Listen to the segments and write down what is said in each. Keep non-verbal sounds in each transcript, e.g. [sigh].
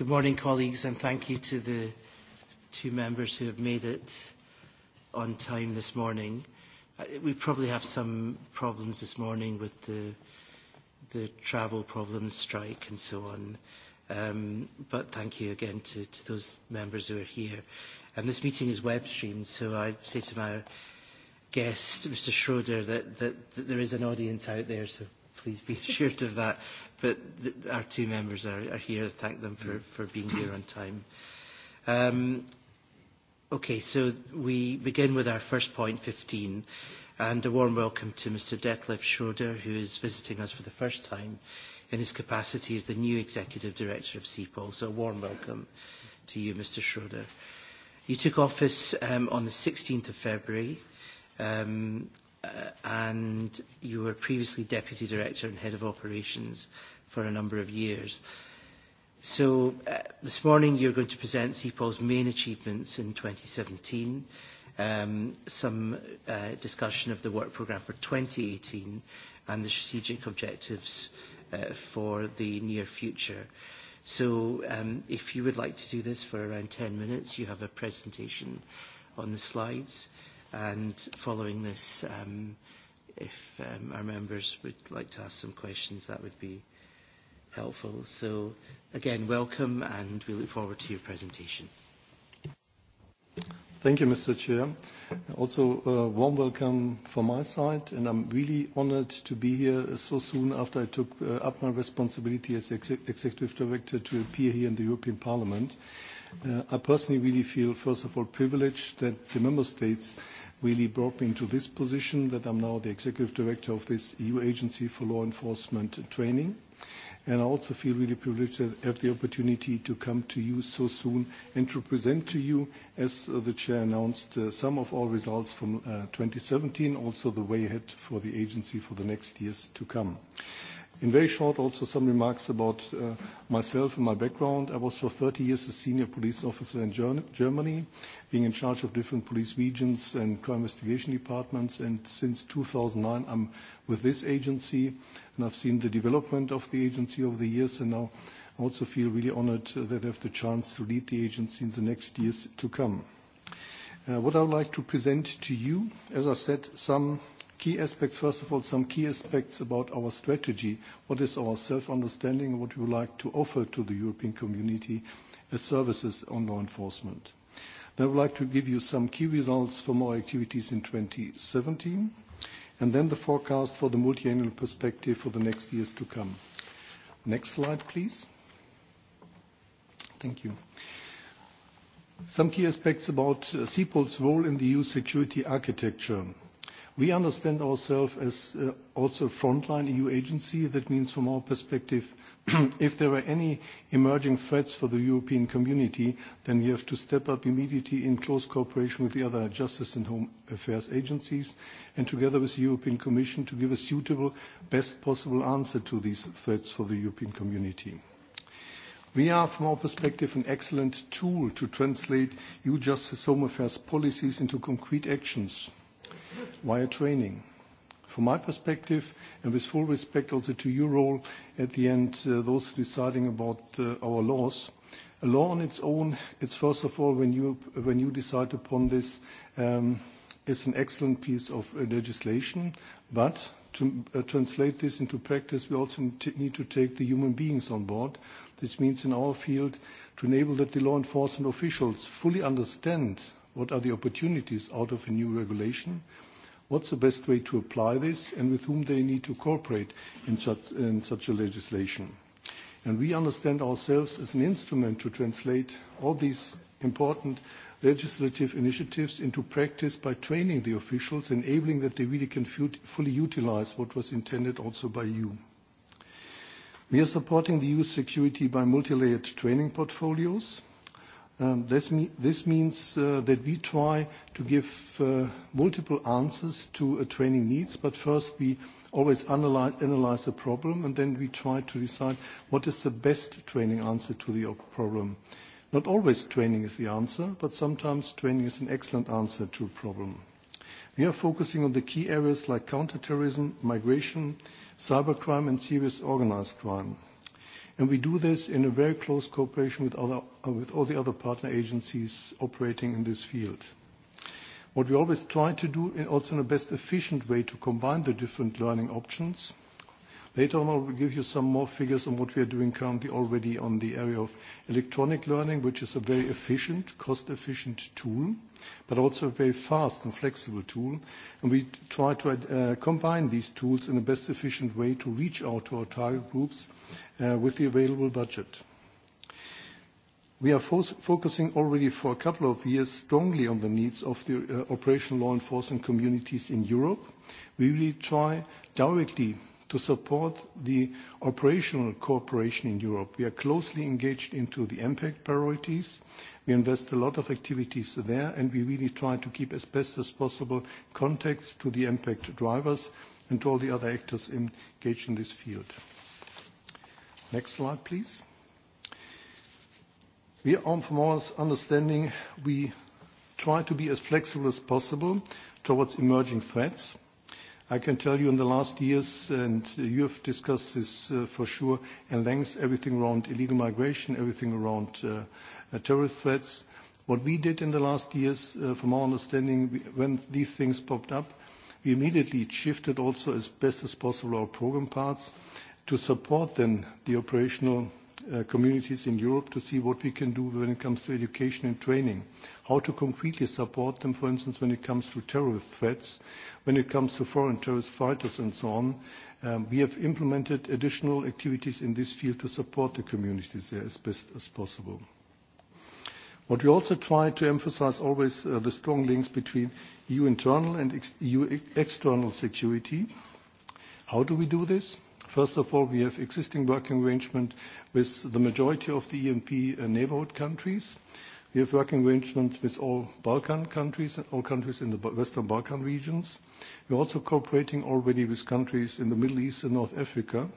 Good morning, colleagues, and thank you to the two members who have made it on time this morning. Uh, we probably have some problems this morning with the, the travel problems, strike, and so on. Um, but thank you again to, to those members who are here. And this meeting is web streamed, so I say to my guest, Mr. Schroeder, that, that, that there is an audience out there, so please be [laughs] assured of that. But th our two members are, are here. Thank them for, for being here on time. Um, okay, so we begin with our first point, 15. And a warm welcome to Mr. Detlef Schroeder, who is visiting us for the first time in his capacity as the new Executive Director of CEPOL. So a warm welcome to you, Mr. Schroeder. You took office um, on the 16th of February. Um, Uh, and you were previously Deputy Director and Head of Operations for a number of years. So uh, this morning you're going to present CEPOL's main achievements in 2017, um, some uh, discussion of the work programme for 2018 and the strategic objectives uh, for the near future. So um, if you would like to do this for around 10 minutes, you have a presentation on the slides. And following this, um, if um, our members would like to ask some questions, that would be helpful. So again, welcome, and we look forward to your presentation. Thank you, Mr. Chair. Also, a uh, warm welcome from my side, and I'm really honored to be here so soon after I took uh, up my responsibility as Executive Director to appear here in the European Parliament. Uh, I personally really feel, first of all, privileged that the member states really brought me into this position, that I'm now the executive director of this EU Agency for Law Enforcement and Training. And I also feel really privileged to have the opportunity to come to you so soon and to present to you, as uh, the chair announced, uh, some of our results from 2017, also the way ahead for the agency for the next years to come. In very short, also some remarks about uh, myself and my background. I was for 30 years a senior police officer in Germany, being in charge of different police regions and crime investigation departments. And since 2009, I'm with this agency, and I've seen the development of the agency over the years, and now I also feel really honored uh, that I have the chance to lead the agency in the next years to come. Uh, what I would like to present to you, as I said, some key aspects. First of all, some key aspects about our strategy. What is our self-understanding? What we would like to offer to the European community as services on law enforcement. I would like to give you some key results from our activities in 2017, and then the forecast for the multi-annual perspective for the next years to come. Next slide, please. Thank you. Some key aspects about uh, CEPOL's role in the EU security architecture. We understand ourselves as uh, also a frontline EU agency. That means from our perspective, [clears throat] if there are any emerging threats for the European community, then we have to step up immediately in close cooperation with the other justice and home affairs agencies and together with the European Commission to give a suitable, best possible answer to these threats for the European community. We are, from our perspective, an excellent tool to translate EU justice home affairs policies into concrete actions via training. From my perspective, and with full respect also to your role at the end, uh, those deciding about uh, our laws, a law on its own, it's first of all when you, when you decide upon this, um, is an excellent piece of uh, legislation, but to translate this into practice, we also need to take the human beings on board. This means in our field, to enable that the law enforcement officials fully understand What are the opportunities out of a new regulation? What's the best way to apply this, and with whom they need to cooperate in such, in such a legislation? And we understand ourselves as an instrument to translate all these important legislative initiatives into practice by training the officials, enabling that they really can fully utilize what was intended also by you. We are supporting the EU security by multilayered training portfolios Um, this, this means uh, that we try to give uh, multiple answers to a training needs, but first we always analyze, analyze the problem, and then we try to decide what is the best training answer to the problem. Not always training is the answer, but sometimes training is an excellent answer to a problem. We are focusing on the key areas like counterterrorism, migration, cybercrime, and serious organized crime. And we do this in a very close cooperation with, other, uh, with all the other partner agencies operating in this field. What we always try to do, is also in the best efficient way, to combine the different learning options Later on, I will give you some more figures on what we are doing currently already on the area of electronic learning, which is a very efficient, cost-efficient tool, but also a very fast and flexible tool. And we try to uh, combine these tools in the best efficient way to reach out to our target groups uh, with the available budget. We are focusing already for a couple of years strongly on the needs of the uh, operational law enforcement communities in Europe. We really try directly to support the operational cooperation in Europe. We are closely engaged into the impact priorities. We invest a lot of activities there, and we really try to keep as best as possible contacts to the impact drivers and to all the other actors engaged in this field. Next slide, please. We, from our understanding, we try to be as flexible as possible towards emerging threats i can tell you in the last years, and you have discussed this uh, for sure and length, everything around illegal migration, everything around uh, uh, terrorist threats. What we did in the last years, from our understanding, when these things popped up, we immediately shifted also as best as possible our program parts to support then the operational Uh, communities in Europe to see what we can do when it comes to education and training, how to concretely support them, for instance, when it comes to terrorist threats, when it comes to foreign terrorist fighters and so on. Um, we have implemented additional activities in this field to support the communities there as best as possible. What we also try to emphasize always uh, the strong links between EU internal and ex EU e-, external security. How do we do this? First of all, we have existing working arrangement with the majority of the EMP uh, neighborhood countries. We have working arrangement with all Balkan countries and all countries in the Western Balkan regions. We're also cooperating already with countries in the Middle East and North Africa.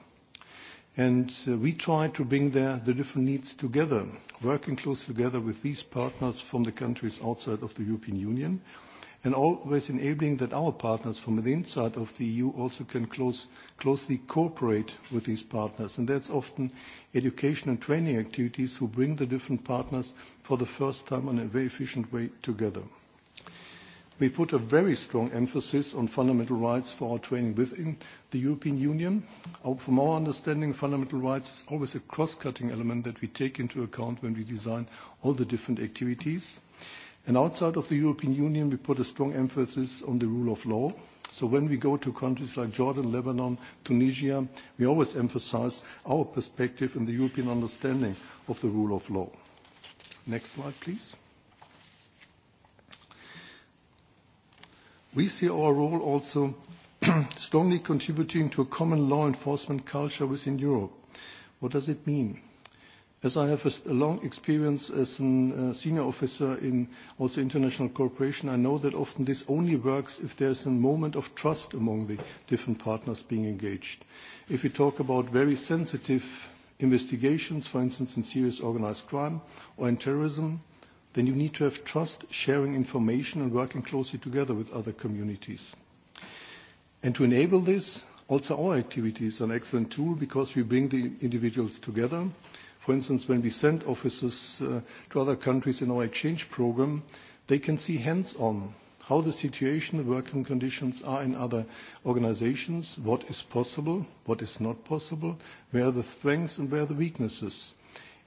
And uh, we try to bring there the different needs together, working close together with these partners from the countries outside of the European Union and always enabling that our partners from the inside of the EU also can close, closely cooperate with these partners. And that's often education and training activities who bring the different partners for the first time in a very efficient way together. We put a very strong emphasis on fundamental rights for our training within the European Union. From our understanding, fundamental rights is always a cross-cutting element that we take into account when we design all the different activities. And outside of the European Union, we put a strong emphasis on the rule of law. So when we go to countries like Jordan, Lebanon, Tunisia, we always emphasize our perspective and the European understanding of the rule of law. Next slide, please. We see our role also [clears throat] strongly contributing to a common law enforcement culture within Europe. What does it mean? As I have a long experience as a uh, senior officer in also international cooperation, I know that often this only works if there is a moment of trust among the different partners being engaged. If we talk about very sensitive investigations, for instance, in serious organized crime or in terrorism, then you need to have trust, sharing information, and working closely together with other communities. And to enable this, also our activities are an excellent tool because we bring the individuals together For instance, when we send officers uh, to other countries in our exchange program, they can see hands-on how the situation, the working conditions are in other organizations, what is possible, what is not possible, where are the strengths and where are the weaknesses.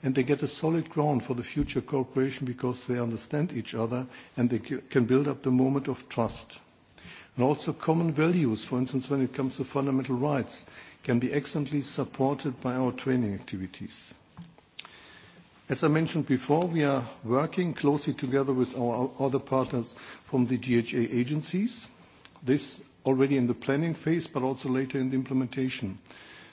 And they get a solid ground for the future cooperation because they understand each other and they can build up the moment of trust. also common values, for instance, when it comes to fundamental rights, can be excellently supported by our training activities. As I mentioned before, we are working closely together with our other partners from the GHA agencies. This already in the planning phase, but also later in the implementation.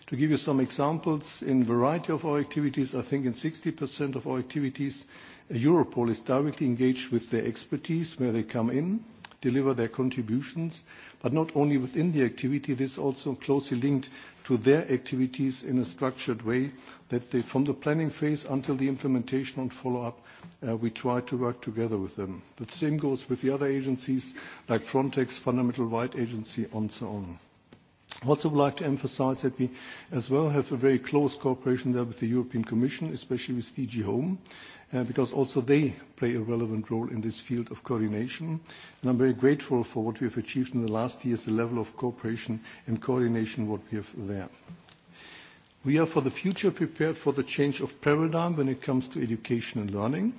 To give you some examples, in variety of our activities, I think in 60% of our activities, Europol is directly engaged with their expertise, where they come in deliver their contributions, but not only within the activity, this is also closely linked to their activities in a structured way that they, from the planning phase until the implementation and follow-up, uh, we try to work together with them. The same goes with the other agencies like Frontex, Fundamental Rights Agency, and so on also would like to emphasize that we as well have a very close cooperation there with the European Commission, especially with DG Home, uh, because also they play a relevant role in this field of coordination. And I'm very grateful for what we have achieved in the last years, the level of cooperation and coordination what we have there. We are for the future prepared for the change of paradigm when it comes to education and learning.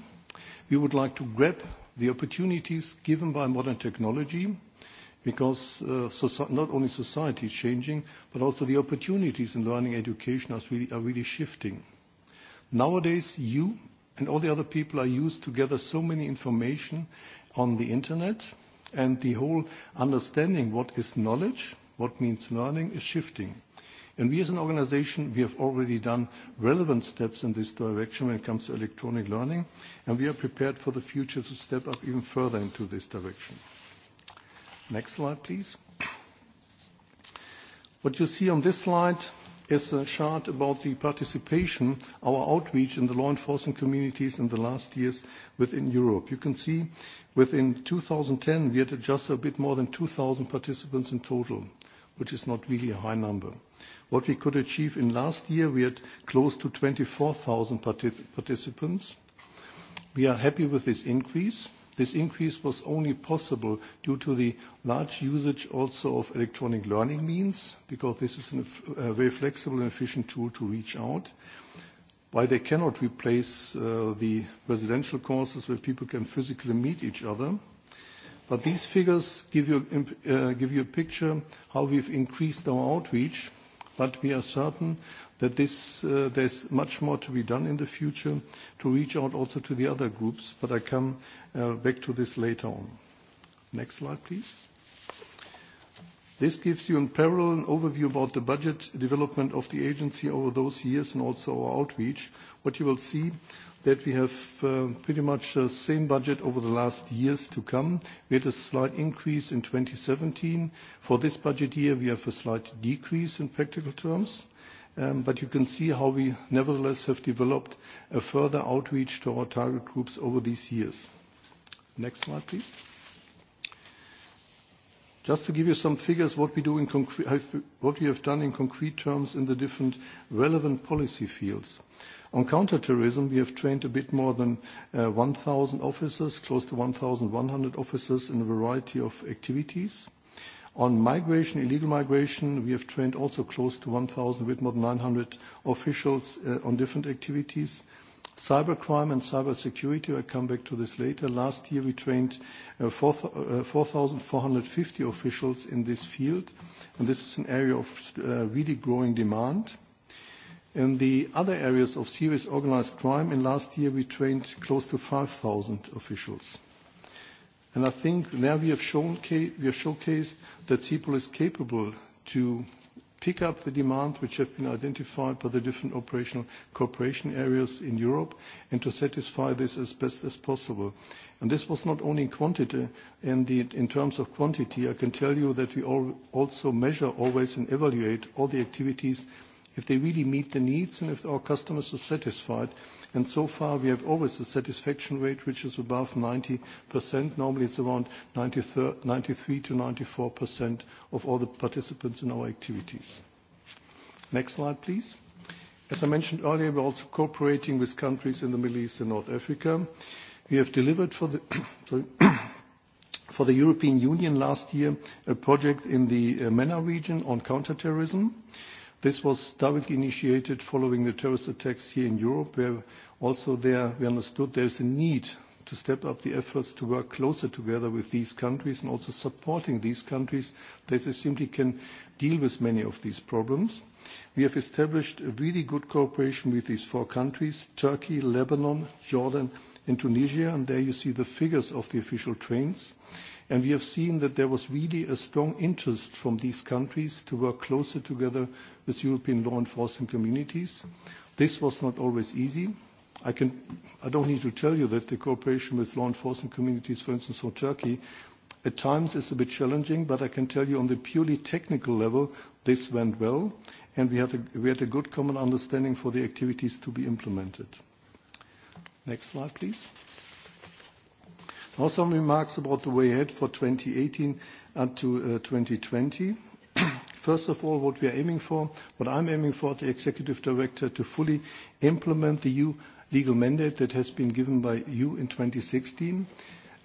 We would like to grab the opportunities given by modern technology because uh, so not only society is changing, but also the opportunities in learning education are really, are really shifting. Nowadays, you and all the other people are used to gather so many information on the internet, and the whole understanding what is knowledge, what means learning, is shifting. And we as an organization, we have already done relevant steps in this direction when it comes to electronic learning, and we are prepared for the future to step up even further into this direction. Next slide, please. What you see on this slide is a chart about the participation, our outreach in the law enforcement communities in the last years within Europe. You can see within 2010, we had just a bit more than 2,000 participants in total, which is not really a high number. What we could achieve in last year, we had close to 24,000 participants. We are happy with this increase. This increase was only possible due to the large usage also of electronic learning means, because this is a very flexible and efficient tool to reach out. While they cannot replace uh, the residential courses where people can physically meet each other, but these figures give you, uh, give you a picture how we've increased our outreach, but we are certain that this, uh, there's much more to be done in the future to reach out also to the other groups, but I come uh, back to this later on. Next slide, please. This gives you in parallel an overview about the budget development of the agency over those years and also our outreach. What you will see that we have uh, pretty much the same budget over the last years to come. We had a slight increase in 2017. For this budget year, we have a slight decrease in practical terms. Um, but you can see how we nevertheless have developed a further outreach to our target groups over these years. Next slide, please. Just to give you some figures, what we, have done in concrete terms in the different relevant policy fields. On counterterrorism, we have trained a bit more than 1,000 uh, officers, close to 1,100 officers in a variety of activities. On migration, illegal migration, we have trained also close to 1,000, with more than 900 officials uh, on different activities. Cybercrime and cybersecurity, I come back to this later. Last year, we trained 4,450 uh, uh, officials in this field, and this is an area of really growing demand. In the other areas of serious organized crime, in last year, we trained close to 5,000 officials. I think now we have, shown, we have showcased that CEPOL is capable to pick up the demands which have been identified by the different operational cooperation areas in Europe and to satisfy this as best as possible. And this was not only in quantity, and in terms of quantity, I can tell you that we also measure always and evaluate all the activities if they really meet the needs and if our customers are satisfied. And so far, we have always a satisfaction rate which is above 90%. Normally, it's around 93%-94% of all the participants in our activities. Next slide, please. As I mentioned earlier, we're also cooperating with countries in the Middle East and North Africa. We have delivered for the, [coughs] [coughs] for the European Union last year, a project in the uh, MENA region on counterterrorism. terrorism This was directly initiated following the terrorist attacks here in Europe, where also there we understood there is a need to step up the efforts to work closer together with these countries and also supporting these countries that they simply can deal with many of these problems. We have established a really good cooperation with these four countries, Turkey, Lebanon, Jordan, and Tunisia, and there you see the figures of the official trains. And we have seen that there was really a strong interest from these countries to work closer together with European law enforcement communities. This was not always easy. I, can, I don't need to tell you that the cooperation with law enforcement communities, for instance, for Turkey, at times is a bit challenging, but I can tell you on the purely technical level, this went well, and we had a, we had a good common understanding for the activities to be implemented. Next slide, please. Now some remarks about the way ahead for 2018 and to 2020. Uh, [clears throat] First of all, what we are aiming for, what I'm aiming for, the executive director to fully implement the EU legal mandate that has been given by you in 2016.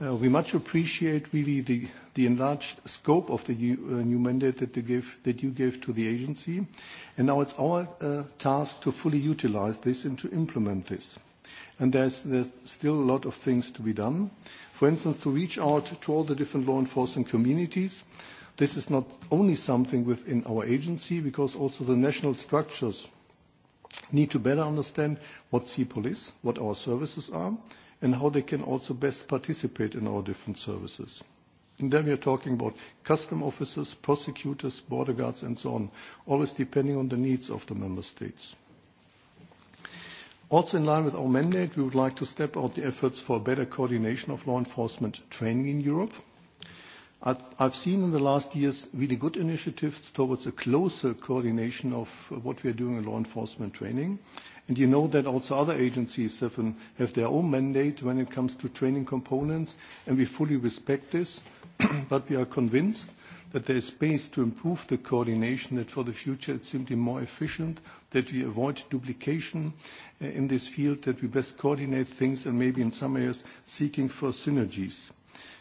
Uh, we much appreciate really the, enlarged scope of the new uh, mandate that you, gave, to the agency. And now it's our task to fully utilize this and to implement this. And there's still a lot of things to be done for instance, to reach out to all the different law enforcement communities. This is not only something within our agency, because also the national structures need to better understand what CPOL is, what our services are, and how they can also best participate in our different services. And then we are talking about custom officers, prosecutors, border guards, and so on, always depending on the needs of the member states. Also in line with our mandate, we would like to step out the efforts for better coordination of law enforcement training in Europe. I've seen in the last years really good initiatives towards a closer coordination of what we are doing in law enforcement training. And you know that also other agencies often have their own mandate when it comes to training components, and we fully respect this. [clears throat] but we are convinced that there is space to improve the coordination, that for the future it's simply more efficient, that we avoid duplication uh, in this field, that we best coordinate things and maybe in some areas seeking for synergies.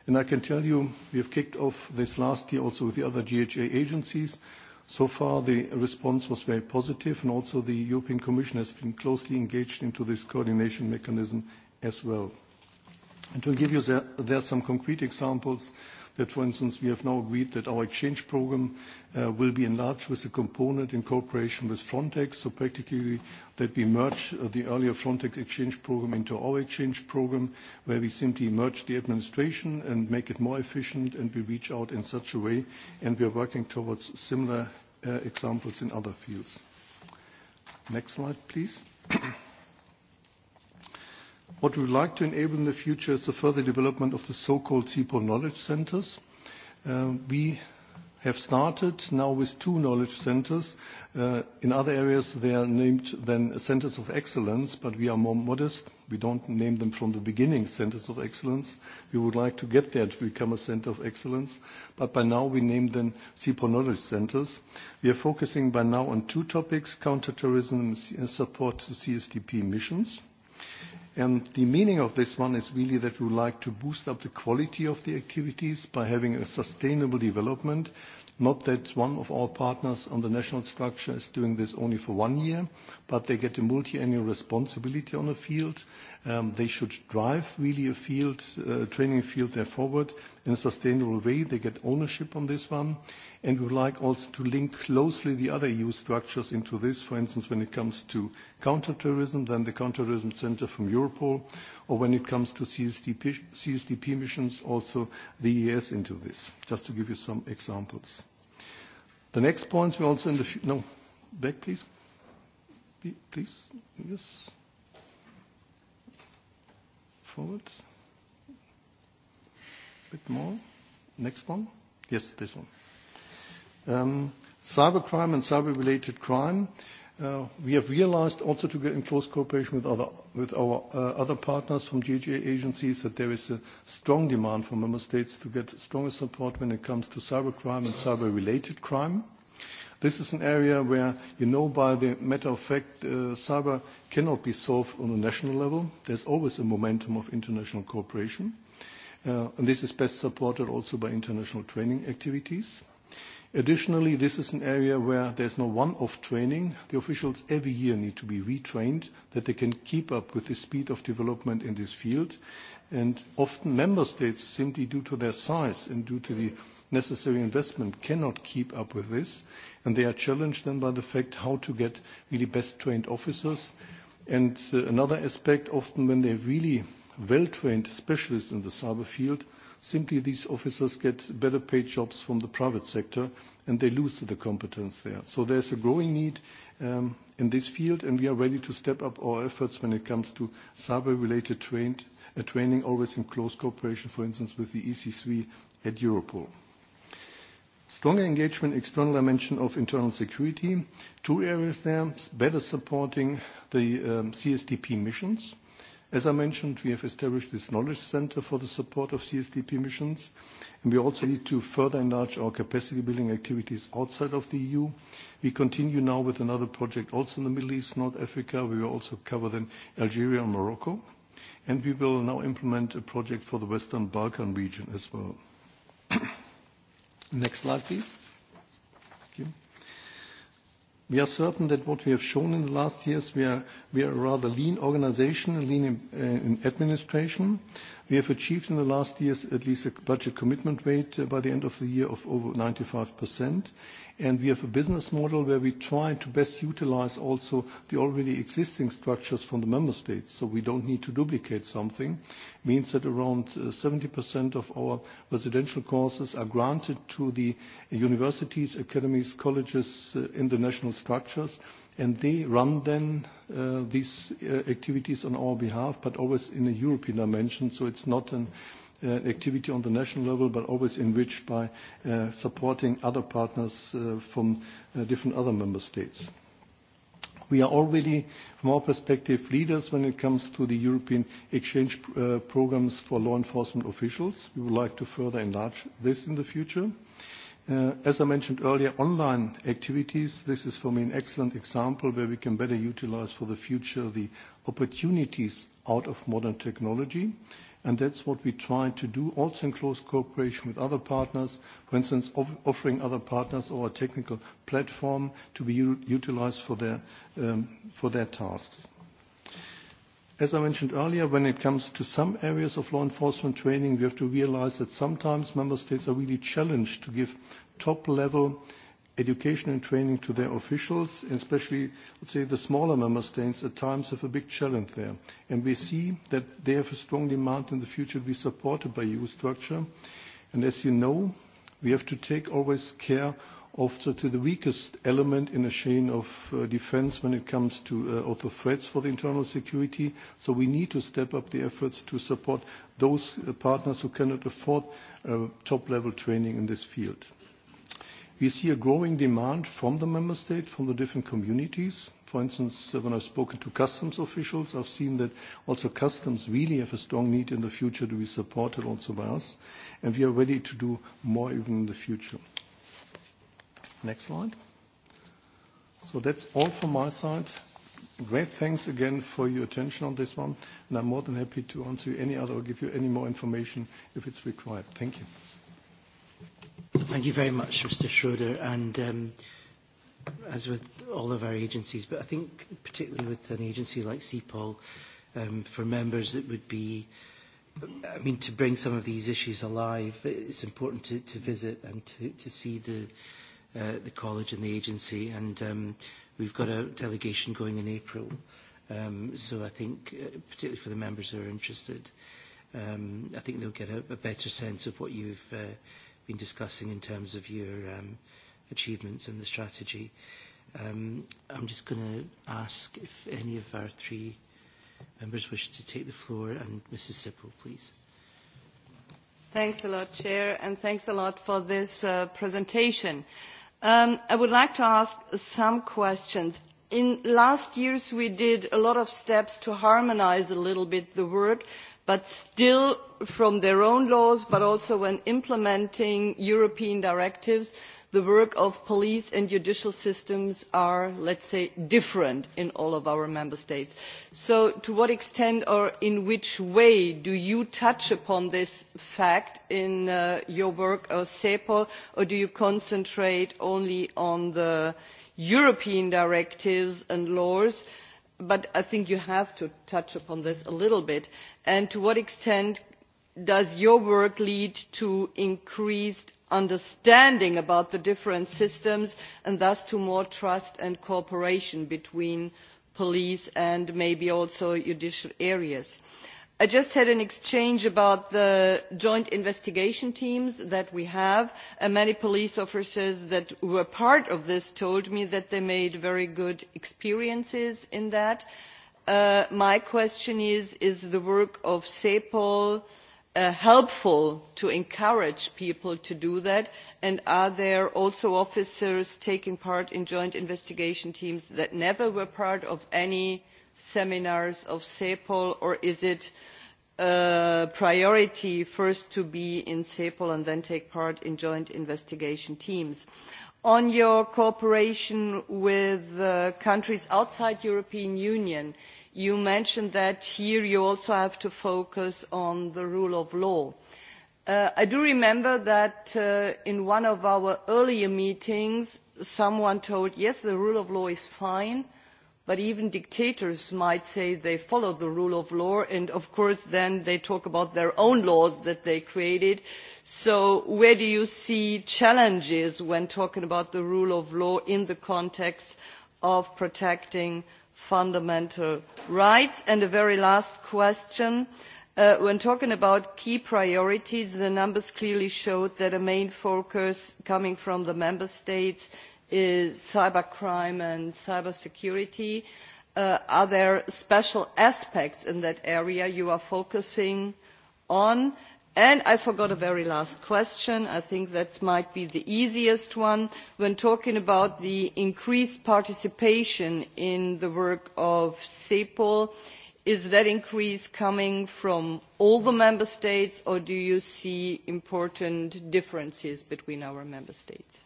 And I can tell you, we have kicked off this last year also with the other GHA agencies. So far, the response was very positive, and also the European Commission has been closely engaged into this coordination mechanism as well. to give you there, there some concrete examples, that, for instance, we have now agreed that our exchange program uh, will be enlarged with a component in cooperation with Frontex. So practically that we merge uh, the earlier Frontex exchange program into our exchange program, where we simply merge the administration and make it more efficient, and we reach out in such a way, and we are working towards similar uh, examples in other fields. Next slide, please. [clears throat] What we would like to enable in the future is the further development of the so-called CPO knowledge centers. Um, we have started now with two knowledge centers. Uh, in other areas, they are named then centers of excellence, but we are more modest. We don't name them from the beginning centers of excellence. We would like to get there to become a center of excellence, but by now we name them CPO knowledge centers. We are focusing by now on two topics, counterterrorism and support to CSDP missions the meaning of this one is really that we would like to boost up the quality of the activities by having a sustainable development, not that one of our partners on the national structure is doing this only for one year, but they get a multi-annual responsibility on a field. Um, they should drive really a field, uh, training field there forward in a sustainable way. They get ownership on this one and we would like also to link closely the other EU structures into this, for instance, when it comes to counterterrorism, then the Counterterrorism Center from Europol, or when it comes to CSDP, missions, also the ES into this, just to give you some examples. The next points we also in the... No, back please. Please, yes. Forward. Bit more. Next one. Yes, this one. Um, cybercrime and cyber-related crime, uh, we have realized also to get in close cooperation with other with our uh, other partners from GGA agencies that there is a strong demand from member states to get stronger support when it comes to cybercrime and cyber-related crime. This is an area where you know by the matter of fact uh, cyber cannot be solved on a national level. There's always a momentum of international cooperation. and this is best supported also by international training activities. Additionally, this is an area where there's no one-off training. The officials every year need to be retrained that they can keep up with the speed of development in this field. And often member states, simply due to their size and due to the necessary investment, cannot keep up with this. And they are challenged then by the fact how to get really best trained officers. And uh, another aspect, often when they're really well-trained specialists in the cyber field, Simply, these officers get better paid jobs from the private sector, and they lose the competence there. So there's a growing need um, in this field, and we are ready to step up our efforts when it comes to cyber-related uh, training, always in close cooperation, for instance, with the EC3 at Europol. Stronger engagement, external dimension of internal security. Two areas there, better supporting the um, CSDP missions – As I mentioned, we have established this knowledge center for the support of CSDP missions, and we also need to further enlarge our capacity building activities outside of the EU. We continue now with another project also in the Middle East, North Africa. We will also cover then Algeria and Morocco, and we will now implement a project for the Western Balkan region as well. [coughs] Next slide, please. We are certain that what we have shown in the last years, we are, we are a rather lean organization, lean uh, in administration, We have achieved in the last years at least a budget commitment rate uh, by the end of the year of over 95%. And we have a business model where we try to best utilize also the already existing structures from the member states. So we don't need to duplicate something. Means that around 70% uh, of our residential courses are granted to the universities, academies, colleges uh, in the national structures and they run then uh, these uh, activities on our behalf, but always in a European dimension. So it's not an uh, activity on the national level, but always enriched by supporting other partners from different other member states. We are already, from our perspective, leaders when it comes to the European exchange programs for law enforcement officials. We would like to further enlarge this in the future. Uh, as I mentioned earlier, online activities, this is for me an excellent example where we can better utilize for the future the opportunities out of modern technology. and That's what we try to do also in close cooperation with other partners. For instance, offering other partners our technical platform to be utilized for their um, tasks. As I mentioned earlier, when it comes to some areas of law enforcement training, we have to realize that sometimes member states are really challenged to give top-level education and training to their officials, especially, let's say, the smaller member states at times have a big challenge there. And we see that they have a strong demand in the future to be supported by EU structure. And as you know, we have to take always care also to the weakest element in a chain of uh, defense when it comes to uh, also threats for the internal security. So we need to step up the efforts to support those uh, partners who cannot afford top-level training in this field. We see a growing demand from the member state, from the different communities. For instance, when I've spoken to customs officials, I've seen that also customs really have a strong need in the future to be supported also by us, and we are ready to do more even in the future. Next slide. So that's all from my side. Great thanks again for your attention on this one, and I'm more than happy to answer any other or give you any more information if it's required. Thank you. Thank you very much, Mr. Schroeder, and um, as with all of our agencies, but I think particularly with an agency like CEPOL, um, for members it would be, I mean, to bring some of these issues alive, it's important to, to visit and to, to see the uh, the college and the agency. And um, we've got a delegation going in April. Um, so I think, uh, particularly for the members who are interested, um, I think they'll get a, a better sense of what you've uh, been discussing in terms of your um, achievements and the strategy. Um, I'm just going to ask if any of our three members wish to take the floor, and Mrs. Sippel, please. Thanks a lot, Chair, and thanks a lot for this uh, presentation. Um, I would like to ask some questions. In last years, we did a lot of steps to harmonize a little bit the work, but still from their own laws, but also when implementing European directives, the work of police and judicial systems are let us say different in all of our member states. so to what extent or in which way do you touch upon this fact in uh, your work of uh, cepol or do you concentrate only on the european directives and laws? but i think you have to touch upon this a little bit. and to what extent does your work lead to increased understanding about the different systems and thus to more trust and cooperation between police and maybe also judicial areas? I just had an exchange about the joint investigation teams that we have, and many police officers that were part of this told me that they made very good experiences in that. Uh, my question is, is the work of CEPOL Uh, helpful to encourage people to do that and are there also officers taking part in joint investigation teams that never were part of any seminars of cepol or is it a priority first to be in SEPOL and then take part in joint investigation teams? on your cooperation with uh, countries outside the european union you mentioned that here you also have to focus on the rule of law. Uh, I do remember that uh, in one of our earlier meetings, someone told, yes, the rule of law is fine, but even dictators might say they follow the rule of law, and of course then they talk about their own laws that they created. So where do you see challenges when talking about the rule of law in the context of protecting fundamental rights. And a very last question. Uh, when talking about key priorities, the numbers clearly showed that a main focus coming from the member states is cybercrime and cybersecurity. Uh, are there special aspects in that area you are focusing on? And I forgot a very last question. I think that might be the easiest one. When talking about the increased participation in the work of SEPOL, is that increase coming from all the member states or do you see important differences between our member states?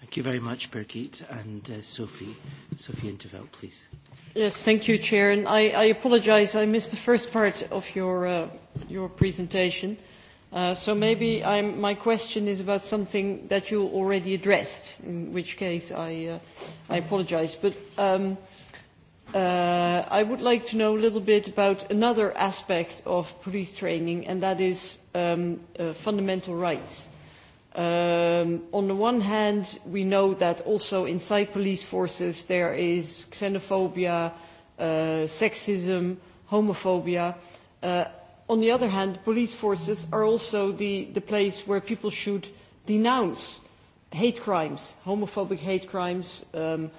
Thank you very much, Birgit and uh, Sophie. Sophie please. Yes, thank you, Chair. I, I apologize, I missed the first part of your uh, your presentation. Uh, so maybe I'm, my question is about something that you already addressed, in which case I, uh, I apologize. But um, uh, I would like to know a little bit about another aspect of police training, and that is um, uh, fundamental rights. Um, on the one hand, we know that also inside police forces there is xenophobia, uh, sexism, homophobia, uh, on the other hand police forces are also the, the place where people should denounce hate crimes homophobic hate crimes um,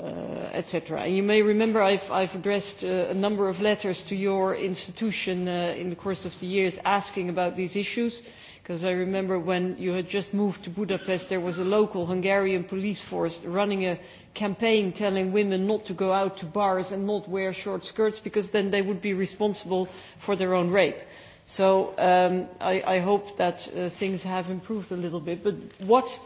uh, etc. And you may remember I've, I've addressed uh, a number of letters to your institution uh, in the course of the years asking about these issues because I remember when you had just moved to Budapest, there was a local Hungarian police force running a campaign telling women not to go out to bars and not wear short skirts because then they would be responsible for their own rape. So um, I, I hope that uh, things have improved a little bit. But what,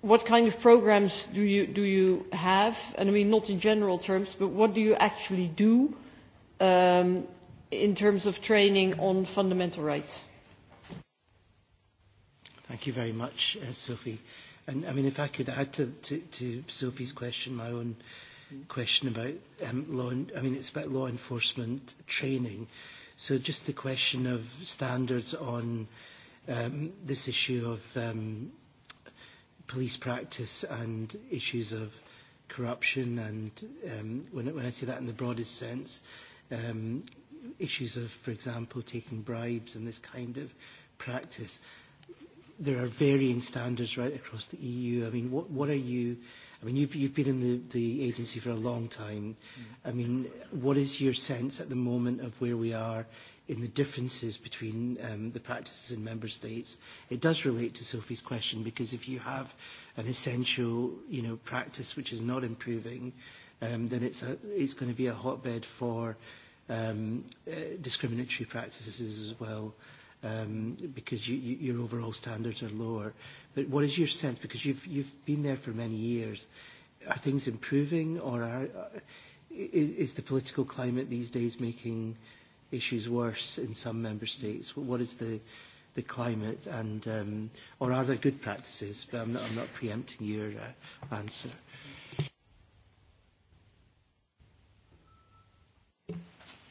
what kind of programs do you, do you have? And I mean, not in general terms, but what do you actually do um, in terms of training on fundamental rights? Thank you very much, uh, Sophie. And I mean, if I could add to, to, to Sophie's question, my own question about um, law, I mean, it's about law enforcement training. So just the question of standards on um, this issue of um, police practice and issues of corruption and um, when, when I say that in the broadest sense, um, issues of, for example, taking bribes and this kind of practice there are varying standards right across the EU. I mean, what, what are you, I mean, you've, you've been in the, the agency for a long time. Mm-hmm. I mean, what is your sense at the moment of where we are in the differences between um, the practices in member states? It does relate to Sophie's question because if you have an essential, you know, practice which is not improving, um, then it's, a, it's going to be a hotbed for um, uh, discriminatory practices as well um, because you, you, your overall standards are lower. But what is your sense? Because you've, you've been there for many years. Are things improving or are, uh, is, is the political climate these days making issues worse in some member states? What is the, the climate and um, or are there good practices? But I'm not, I'm not preempting your uh, answer.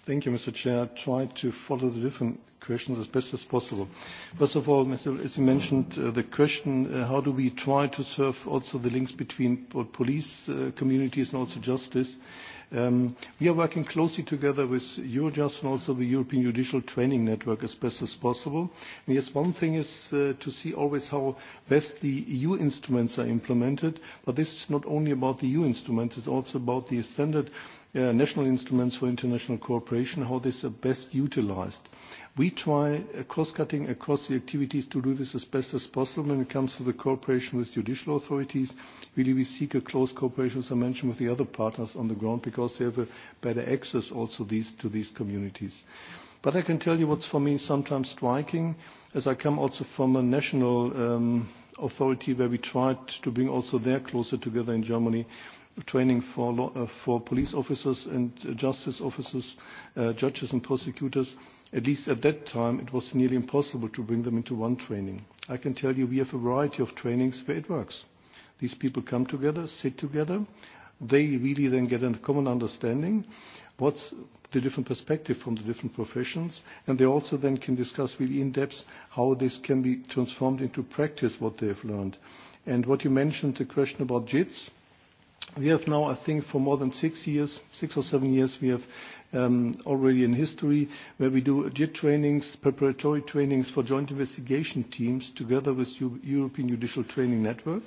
Thank you, Mr. Chair. I tried to follow the different questions as best as possible. First of all, as you mentioned, uh, the question, uh, how do we try to serve also the links between police uh, communities and also justice? Um, we are working closely together with Eurojust and also the European Judicial Training Network as best as possible. And yes, one thing is to see always how best the EU instruments are implemented, but this is not only about the EU instruments, it's also about the standard Uh, national instruments for international cooperation, how these are best utilized. We try uh, cross-cutting across the activities to do this as best as possible. When it comes to the cooperation with judicial authorities, really we seek a close cooperation, as I mentioned, with the other partners on the ground because they have a better access also these, to these communities. But I can tell you what's for me sometimes striking, as I come also from a national um, authority where we tried to bring also there closer together in Germany, training for, law, uh, for police officers and uh, justice officers, uh, judges and prosecutors. At least at that time, it was nearly impossible to bring them into one training. I can tell you we have a variety of trainings where it works. These people come together, sit together. They really then get a common understanding what's the different perspective from the different professions, and they also then can discuss really in depth how this can be transformed into practice, what they have learned. And what you mentioned, the question about JITs, We have now, I think, for more than six years, six or seven years, we have um, already in history where we do JIT trainings, preparatory trainings for joint investigation teams together with European Judicial Training Network.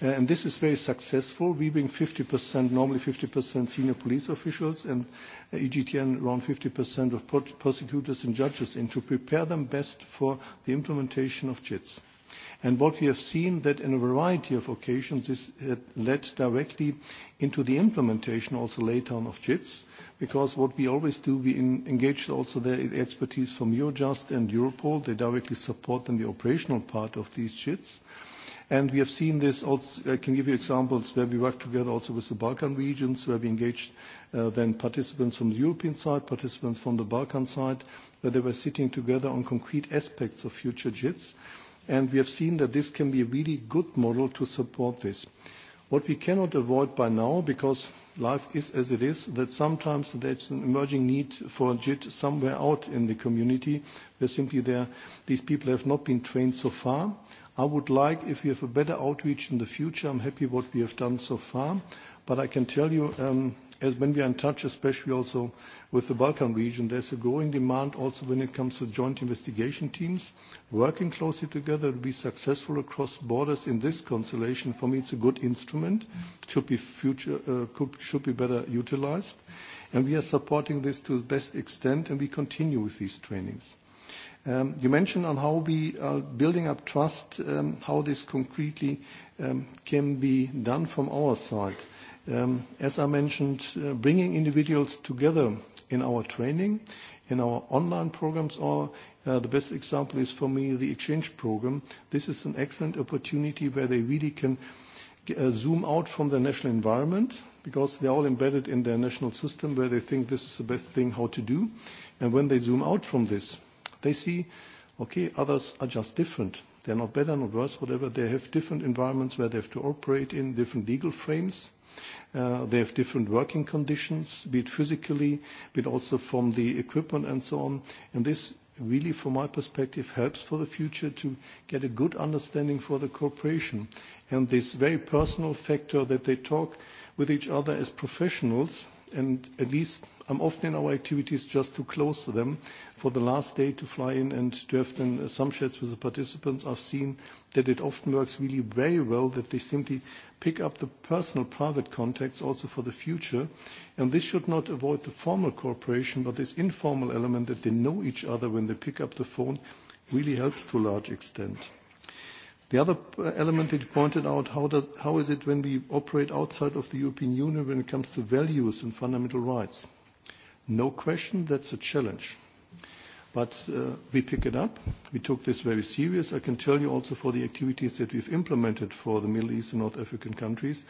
Uh, and this is very successful. We bring 50%, normally 50% senior police officials and uh, EGTN around 50% of prosecutors and judges in to prepare them best for the implementation of JITs. And what we have seen that in a variety of occasions this had uh, led directly into the implementation also later on of JITS, because what we always do, we engage also the expertise from Eurojust and Europol. They directly support in the operational part of these JITS. And we have seen this also. I can give you examples where we work together also with the Balkan regions, where we engaged uh, then participants from the European side, participants from the Balkan side, where they were sitting together on concrete aspects of future JITs and we have seen that this can be a really good model to support this. What we cannot avoid by now, because life is as it is, that sometimes there's an emerging need for a JIT somewhere out in the community, where simply there, these people have not been trained so far. I would like, if we have a better outreach in the future, I'm happy what we have done so far, but I can tell you, um, as when we are in touch, especially also with the Balkan region, there's a growing demand also when it comes to joint investigation teams working closely together to be successful across borders in this constellation. For me, it's a good instrument, should be, future, uh, should be better utilized. And we are supporting this to the best extent, and we continue with these trainings. Um, you mentioned on how we are building up trust, um, how this concretely um, can be done from our side. Um, as I mentioned, uh, bringing individuals together in our training, in our online programs, are uh, the best example is for me the exchange program. This is an excellent opportunity where they really can uh, zoom out from their national environment because they're all embedded in their national system where they think this is the best thing how to do. And when they zoom out from this, they see, okay, others are just different. They're not better, not worse, whatever. They have different environments where they have to operate in, different legal frames Uh, they have different working conditions, be it physically, but also from the equipment and so on. And this really, from my perspective, helps for the future to get a good understanding for the cooperation. And this very personal factor that they talk with each other as professionals, and at least I'm often in our activities just too close to them. For the last day to fly in and to have then some chats with the participants, I've seen that it often works really very well, that they simply pick up the personal private contacts also for the future, and this should not avoid the formal cooperation, but this informal element that they know each other when they pick up the phone really helps to a large extent. The other uh, element that you pointed out, how, does, how is it when we operate outside of the European Union when it comes to values and fundamental rights? No question, that's a challenge. But uh, we pick it up. We took this very serious. I can tell you also for the activities that we've implemented for the Middle East and North African countries,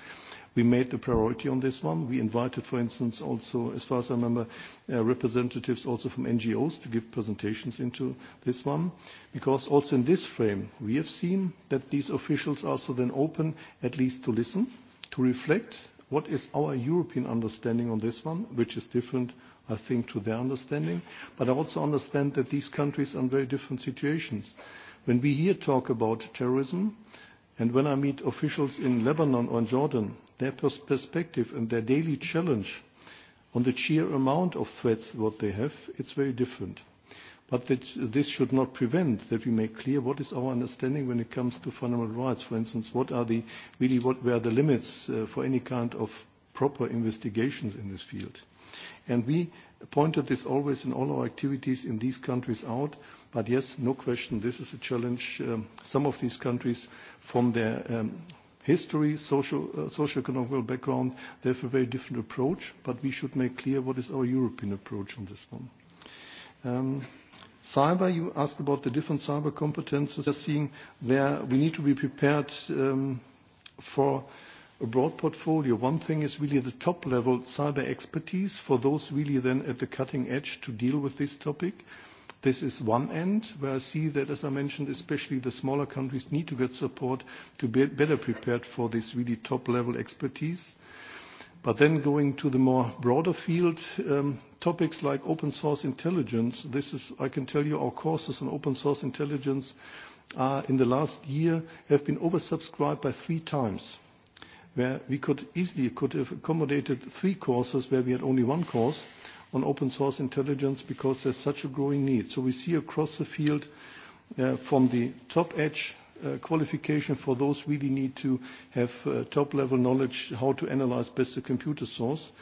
we made the priority on this one. We invited, for instance, also, as far as I remember, uh, representatives also from NGOs to give presentations into this one. Because also in this frame, we have seen that these officials are so then open at least to listen, to reflect what is our European understanding on this one, which is different i think, to their understanding. But I also understand that these countries are in very different situations. When we here talk about terrorism, and when I meet officials in Lebanon or in Jordan, their perspective and their daily challenge on the sheer amount of threats what they have, it's very different. But that this should not prevent that we make clear what is our understanding when it comes to fundamental rights. For instance, what are the really what were the limits uh, for any kind of proper investigations in this field? And we pointed this always in all our activities in these countries out. But yes, no question, this is a challenge. Um, some of these countries, from their um, history, social, uh, socio-economic background, they have a very different approach, but we should make clear what is our European approach on this one. Um, cyber, you asked about the different cyber competences. Seeing there, we need to be prepared um, for a broad portfolio. One thing is really the top-level cyber expertise for those really then at the cutting edge to deal with this topic. This is one end where I see that, as I mentioned, especially the smaller countries need to get support to be better prepared for this really top-level expertise. But then going to the more broader field, um, topics like open source intelligence, this is, I can tell you, our courses on open source intelligence uh, in the last year, have been oversubscribed by three times where we could easily could have accommodated three courses where we had only one course on open source intelligence because there's such a growing need. So we see across the field uh, from the top edge uh, qualification for those really need to have uh, top level knowledge how to analyze best the computer source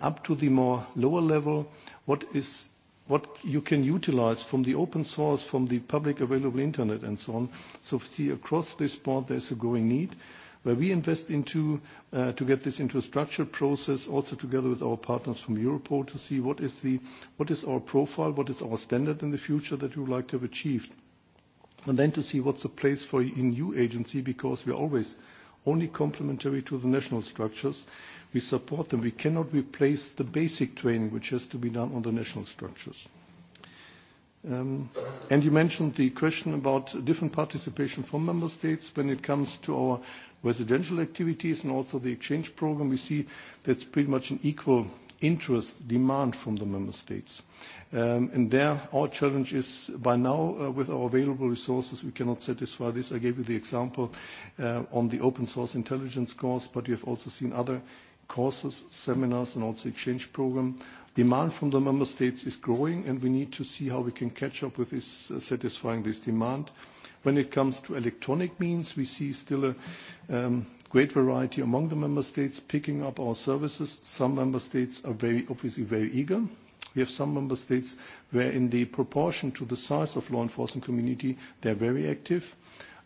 up to the more lower level what is what you can utilize from the open source, from the public available internet and so on. So see across this board there's a growing need where we invest into uh, to get this into a structured process, also together with our partners from Europol, to see what is our profile, what is our standard in the future that we would like to have achieved. And then to see what's the place for a EU agency, because we are always only complementary to the national structures. We support them. We cannot replace the basic training which has to be done on the national structures. Um, and you mentioned the question about different participation from member states when it comes to our residential activities and also the exchange program, we see that's pretty much an equal interest demand from the member states. Um, and there, our challenge is by now, uh, with our available resources, we cannot satisfy this. I gave you the example uh, on the open source intelligence course, but you have also seen other courses, seminars, and also exchange program. Demand from the member states is growing, and we need to see how we can catch up with this, uh, satisfying this demand. When it comes to electronic means, we see still a um, great variety among the member states picking up our services. Some member states are very, obviously very eager. We have some member states where in the proportion to the size of law enforcement community, they're very active.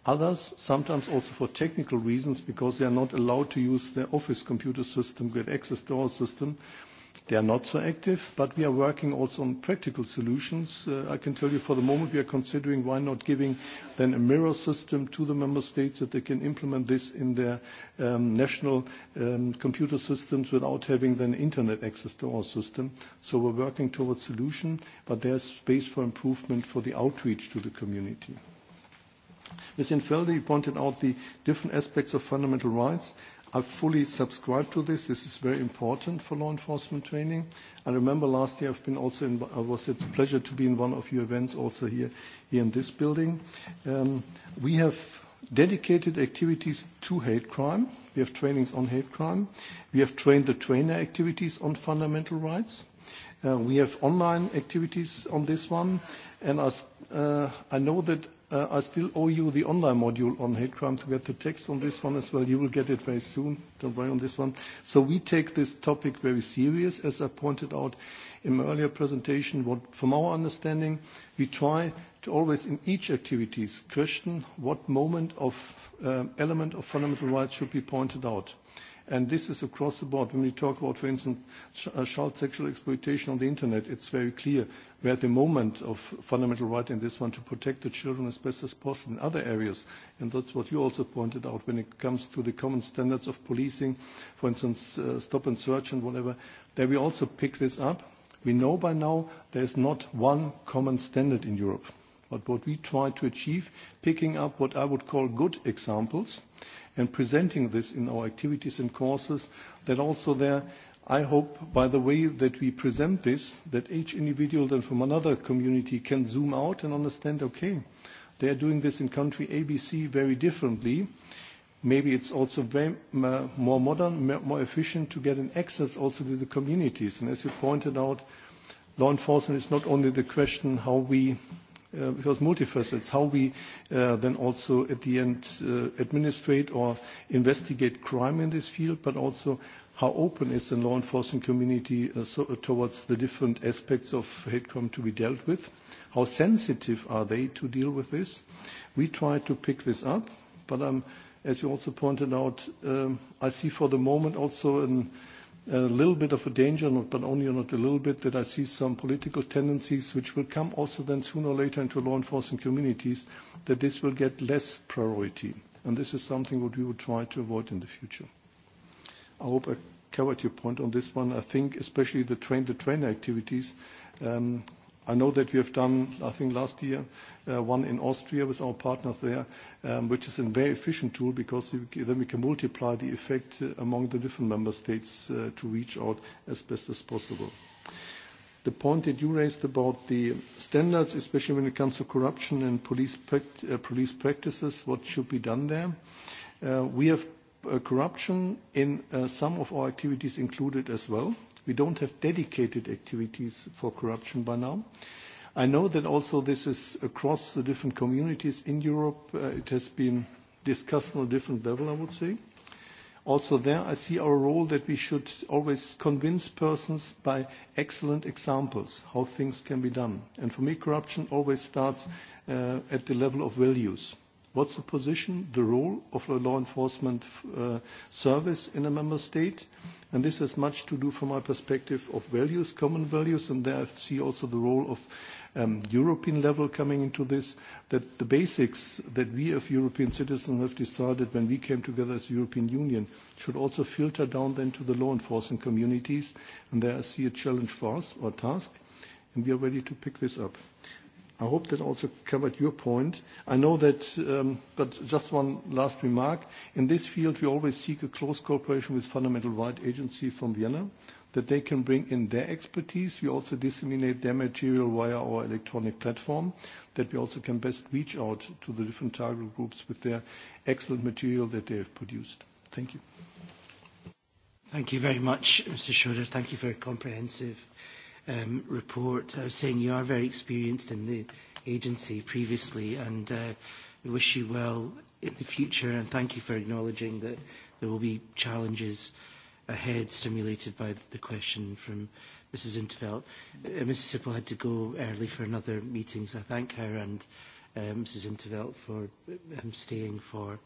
Others, sometimes also for technical reasons, because they are not allowed to use their office computer system, get access to our system, They are not so active, but we are working also on practical solutions. Uh, I can tell you for the moment, we are considering why not giving then a mirror system to the member states that they can implement this in their um, national um, computer systems without having then internet access to our system. So we're working towards solution, but there's space for improvement for the outreach to the community. Ms. Infelde, you pointed out the different aspects of fundamental rights. I fully subscribe to this. This is very important for law enforcement training. I remember last year I've I was it's a pleasure to be in one of your events also here, in this building. Um, we have dedicated activities to hate crime. We have trainings on hate crime. We have trained the trainer activities on fundamental rights. Uh, we have online activities on this one. And I uh, know that Uh, I still owe you the online module on hate crime to get the text on this one as well. You will get it very soon. Don't worry on this one. So we take this topic very serious. As I pointed out in my earlier presentation, what, from our understanding, we try to always in each activities question what moment of uh, element of fundamental rights should be pointed out. And this is across the board. When we talk about, for instance, uh, child sexual exploitation on the internet, it's very clear where the moment of fundamental right in this one to protect the children as best as possible in other areas. And that's what you also pointed out when it comes to the common standards of policing, for instance, uh, stop and search and whatever. There we also pick this up. We know by now there is not one common standard in Europe. But what we try to achieve, picking up what I would call good examples, and presenting this in our activities and courses, that also there I hope by the way that we present this, that each individual then from another community can zoom out and understand, okay, they are doing this in country ABC very differently. Maybe it's also very uh, more modern, more efficient to get an access also to the communities. And as you pointed out, law enforcement is not only the question how we Uh, because multifaceted, how we uh, then also at the end uh, administrate or investigate crime in this field, but also how open is the law enforcement community uh, so, uh, towards the different aspects of hate crime to be dealt with. How sensitive are they to deal with this? We try to pick this up, but um, as you also pointed out, um, I see for the moment also an a little bit of a danger, not, but only not a little bit, that I see some political tendencies which will come also then sooner or later into law enforcement communities, that this will get less priority. And this is something what we would try to avoid in the future. I hope I covered your point on this one. I think especially the train-the-train activities, um, i know that we have done, I think last year, uh, one in Austria with our partner there, um, which is a very efficient tool because then we can multiply the effect uh, among the different member states uh, to reach out as best as possible. The point that you raised about the standards, especially when it comes to corruption and police, police practices, what should be done there? We have corruption in some of our activities included as well We don't have dedicated activities for corruption by now. I know that also this is across the different communities in Europe. Uh, it has been discussed on a different level, I would say. Also there, I see our role that we should always convince persons by excellent examples how things can be done. And for me, corruption always starts uh, at the level of values what's the position, the role of a law enforcement uh, service in a member state. And this has much to do, from my perspective, of values, common values, and there I see also the role of um, European level coming into this, that the basics that we as European citizens have decided when we came together as European Union should also filter down then to the law enforcement communities. And there I see a challenge for us, or task, and we are ready to pick this up. I hope that also covered your point. I know that, um, but just one last remark. In this field, we always seek a close cooperation with Fundamental Rights Agency from Vienna, that they can bring in their expertise. We also disseminate their material via our electronic platform, that we also can best reach out to the different target groups with their excellent material that they have produced. Thank you. Thank you very much, Mr. Schroeder. Thank you for a comprehensive um, report. I uh, was saying you are very experienced in the agency previously and uh, we wish you well in the future and thank you for acknowledging that there will be challenges ahead stimulated by the question from Mrs. Intervelt. Uh, Mrs. Sippel had to go early for another meeting, so I thank her and Mrs. Intervelt for um, staying for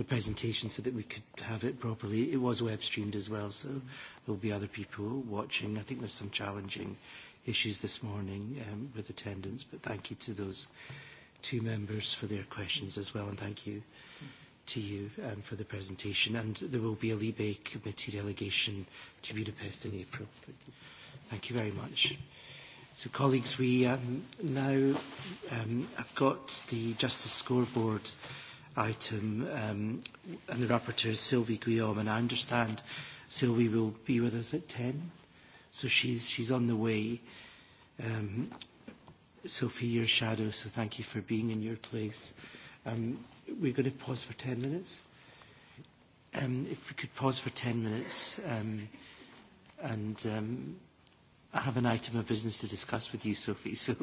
the presentation so that we could have it properly. It was web streamed as well, so there will be other people watching. I think there's some challenging issues this morning um, with attendance, but thank you to those two members for their questions as well, and thank you to you um, for the presentation. And there will be a Libe committee delegation to Budapest in April. Thank you, thank you very much. So, colleagues, we um, now um, I've got the Justice Scoreboard item um, and the rapporteur is Sylvie Guillaume and I understand Sylvie will be with us at 10 so she's, she's on the way um, Sophie your shadow so thank you for being in your place um, we're going to pause for 10 minutes um, if we could pause for 10 minutes um, and um, i have an item of business to discuss with you, Sophie, so,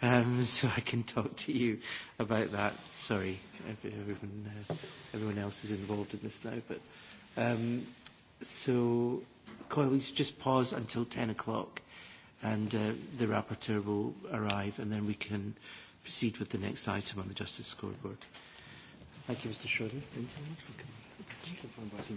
um, so I can talk to you about that. Sorry, everyone, uh, everyone else is involved in this now, but um, so colleagues, just pause until 10 o'clock and uh, the rapporteur will arrive and then we can proceed with the next item on the Justice Scoreboard. Thank you, Mr. Schroeder. Thank you very much for coming. Thank you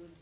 i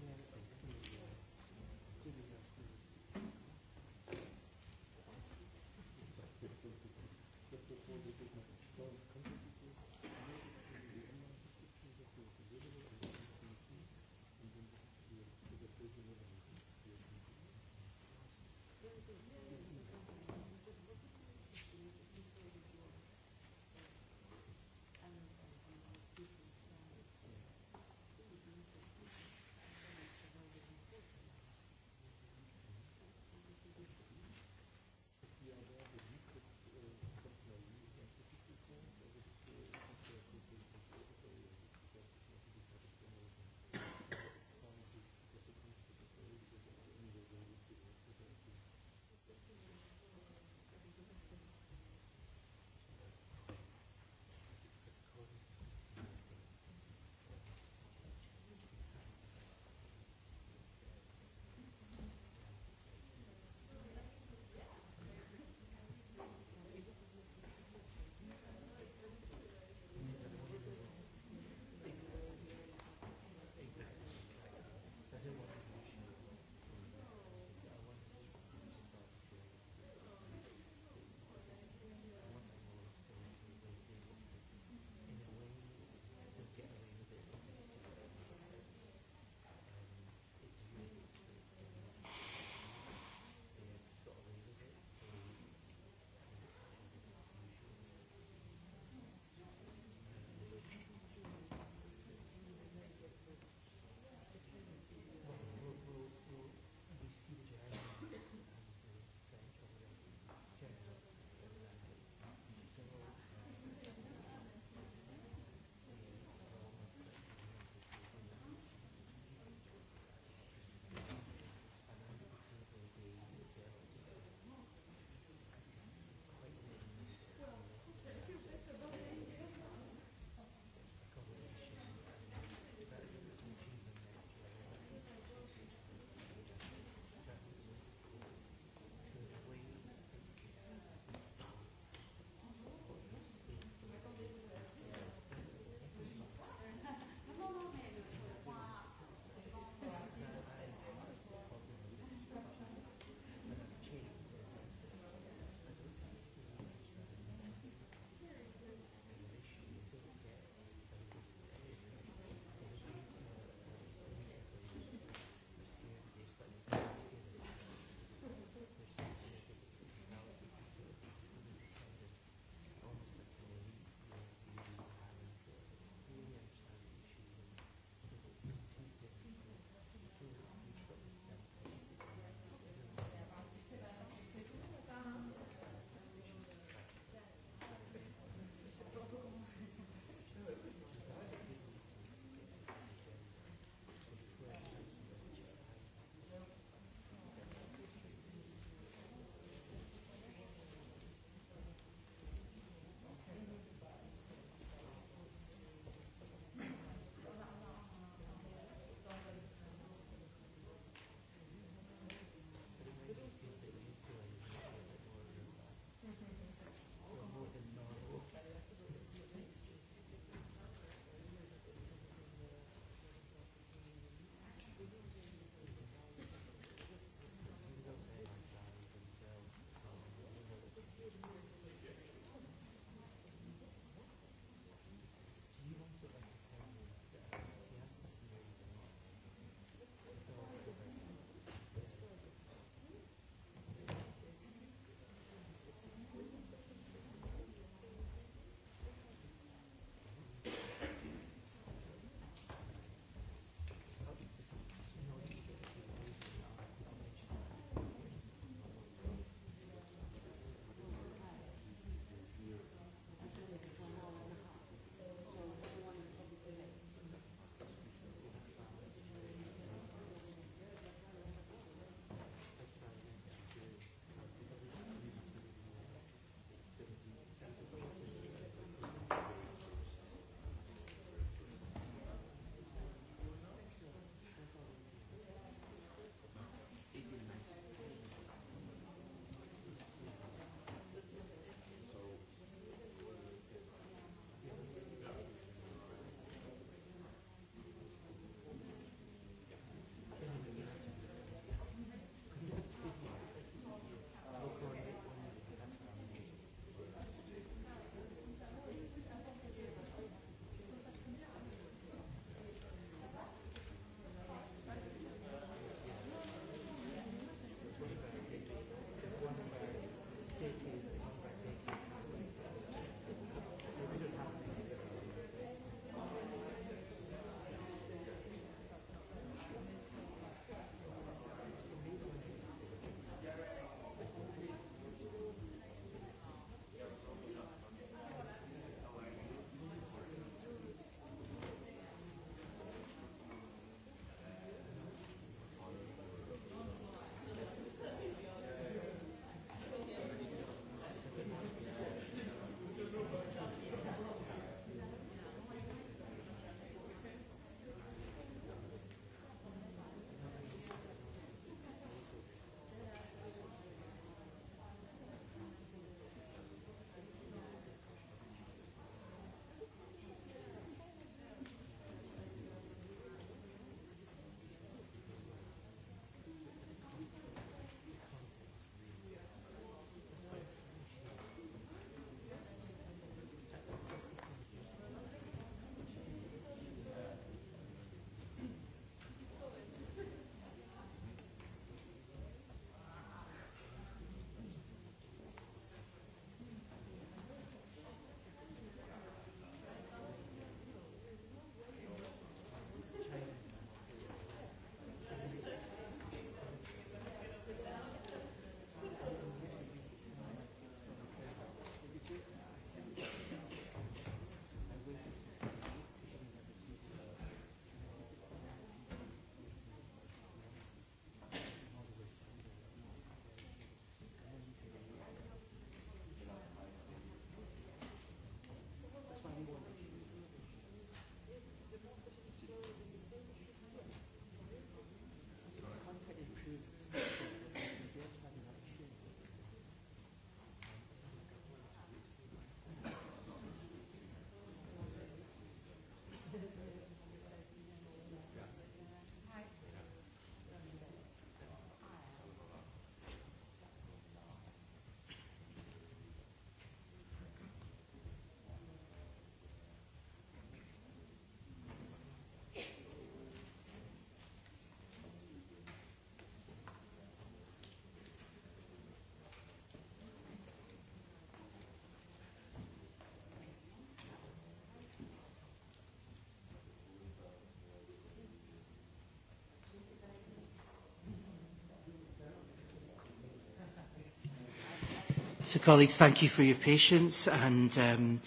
So, colleagues, thank you for your patience. And um,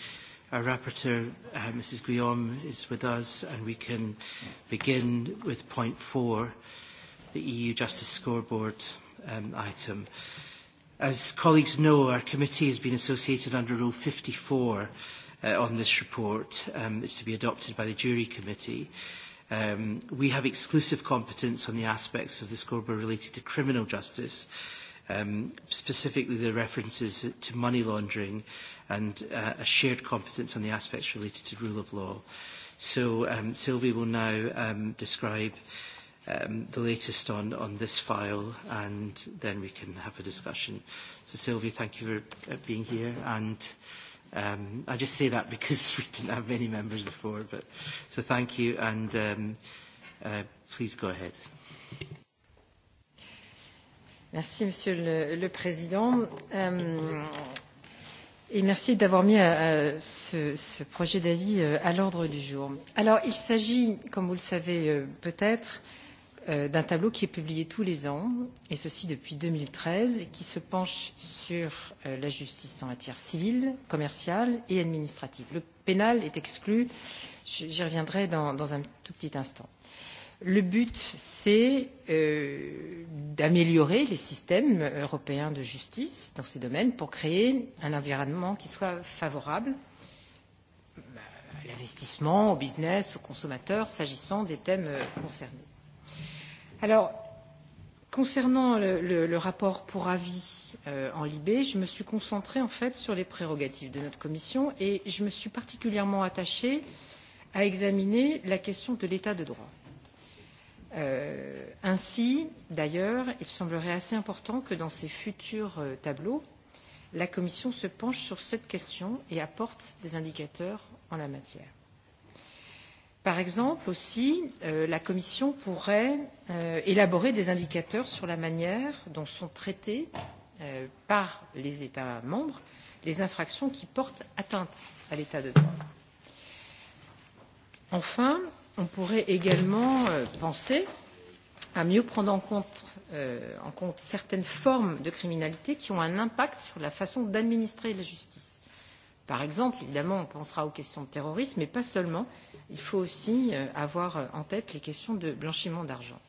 our rapporteur, uh, Mrs. Guillaume, is with us, and we can begin with point four, the EU Justice Scoreboard um, item. As colleagues know, our committee has been associated under Rule 54 uh, on this report. Um, it's to be adopted by the Jury Committee. Um, we have exclusive competence on the aspects of the scoreboard related to criminal justice, um, specifically the references to money laundering and uh, a shared competence on the aspects related to rule of law. So um, Sylvie will now um, describe um, the latest on, on this file and then we can have a discussion. So Sylvie, thank you for uh, being here and um, I just say that [laughs] because we didn't have many members before, but so thank you and um, uh, please go ahead. Merci, Monsieur le, Président. Euh, et merci d'avoir mis euh, ce, projet d'avis euh, à l'ordre du jour. Alors, il s'agit, comme vous le savez peut-être, d'un tableau qui est publié tous les ans, et ceci depuis 2013, et qui se penche sur la justice en matière civile, commerciale et administrative. Le pénal est exclu, j'y reviendrai dans, un tout petit instant le but c'est euh, d'améliorer les systèmes européens de justice dans ces domaines pour créer un environnement qui soit favorable euh, à l'investissement au business aux consommateurs s'agissant des thèmes euh, concernés. alors concernant le, le, le rapport pour avis euh, en Libé, je me suis concentrée en fait sur les prérogatives de notre commission et je me suis particulièrement attachée à examiner la question de l'état de droit Euh, ainsi, d'ailleurs, il semblerait assez important que dans ses futurs euh, tableaux, la Commission se penche sur cette question et apporte des indicateurs en la matière. Par exemple, aussi, euh, la Commission pourrait élaborer des indicateurs sur la manière dont sont traitées par les États membres les infractions qui portent atteinte à l'état de droit. Enfin, on pourrait également euh, penser à mieux prendre en compte, euh, en compte certaines formes de criminalité qui ont un impact sur la façon d'administrer la justice. Par exemple, évidemment, on pensera aux questions de terrorisme, mais pas seulement. Il faut aussi euh, avoir en tête les questions de blanchiment d'argent.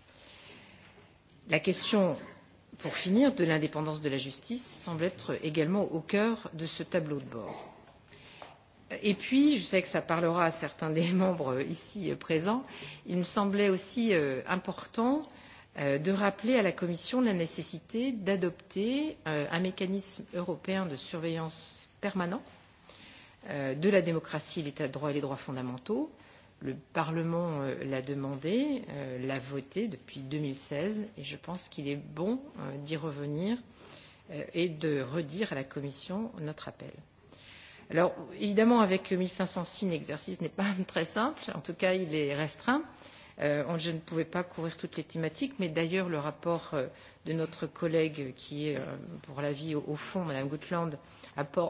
La question, pour finir, de l'indépendance de la justice semble être également au cœur de ce tableau de bord et puis je sais que ça parlera à certains des [laughs] membres ici euh, présents il me semblait aussi euh, important euh, de rappeler à la commission la nécessité d'adopter un mécanisme européen de surveillance permanent de la démocratie l'état de droit et les droits fondamentaux le parlement l'a demandé l'a voté depuis 2016 et je pense qu'il est bon d'y revenir et de redire à la commission notre appel Alors, évidemment, avec 1500 signes, l'exercice n'est pas [laughs] très simple. En tout cas, il est restreint. Euh, je ne pouvais pas couvrir toutes les thématiques, mais d'ailleurs, le rapport euh, de notre collègue qui est euh, pour la vie au, au fond, Madame Gutland,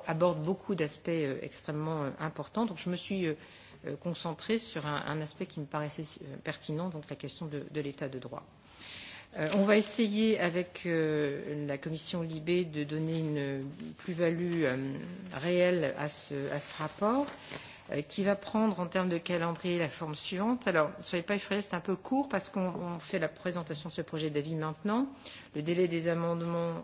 aborde beaucoup d'aspects euh, extrêmement importants. Donc, je me suis concentrée sur un, un aspect qui me paraissait pertinent, donc la question de, de l'état de droit. Euh, on va essayer avec euh, la commission Libé de donner une plus-value euh, réelle à ce, à ce rapport qui va prendre en termes de calendrier la forme suivante. Alors, soyez pas effrayés, c'est un peu court parce qu'on fait la présentation de ce projet d'avis maintenant. Le délai des amendements,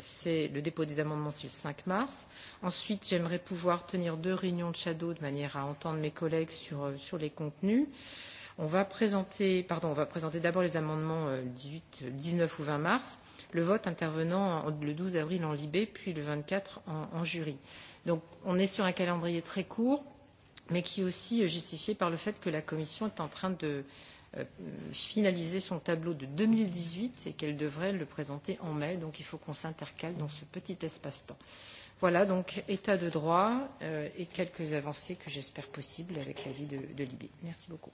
c'est le dépôt des amendements, c'est le 5 mars. Ensuite, j'aimerais pouvoir tenir deux réunions de shadow de manière à entendre mes collègues sur, sur les contenus. On va présenter, pardon, on va présenter d'abord les amendements 18, euh, 19 euh, ou 20 mars, le vote intervenant le 12 avril en Libé, puis le 24 en, en jury. Donc on est sur un calendrier très court, mais qui est aussi euh, justifié par le fait que la Commission est en train de finaliser son tableau de 2018 et qu'elle devrait le présenter en mai. Donc il faut qu'on s'intercale dans ce petit espace-temps. Voilà donc état de droit et quelques avancées que j'espère possibles avec l'avis de, de Libé. Merci beaucoup.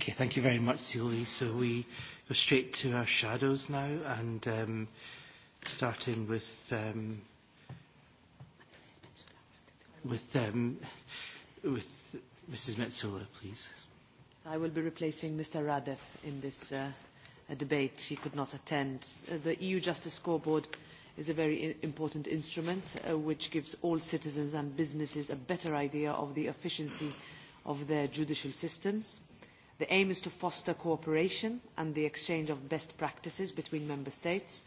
Okay, thank you very much, Sioli. So we go straight to our shadows now, and um, starting with um, with um, with Mrs. Metsola, please. I will be replacing Mr. Radev in this uh, debate. He could not attend. Uh, the EU Justice Scoreboard is a very important instrument uh, which gives all citizens and businesses a better idea of the efficiency of their judicial systems The aim is to foster cooperation and the exchange of best practices between member states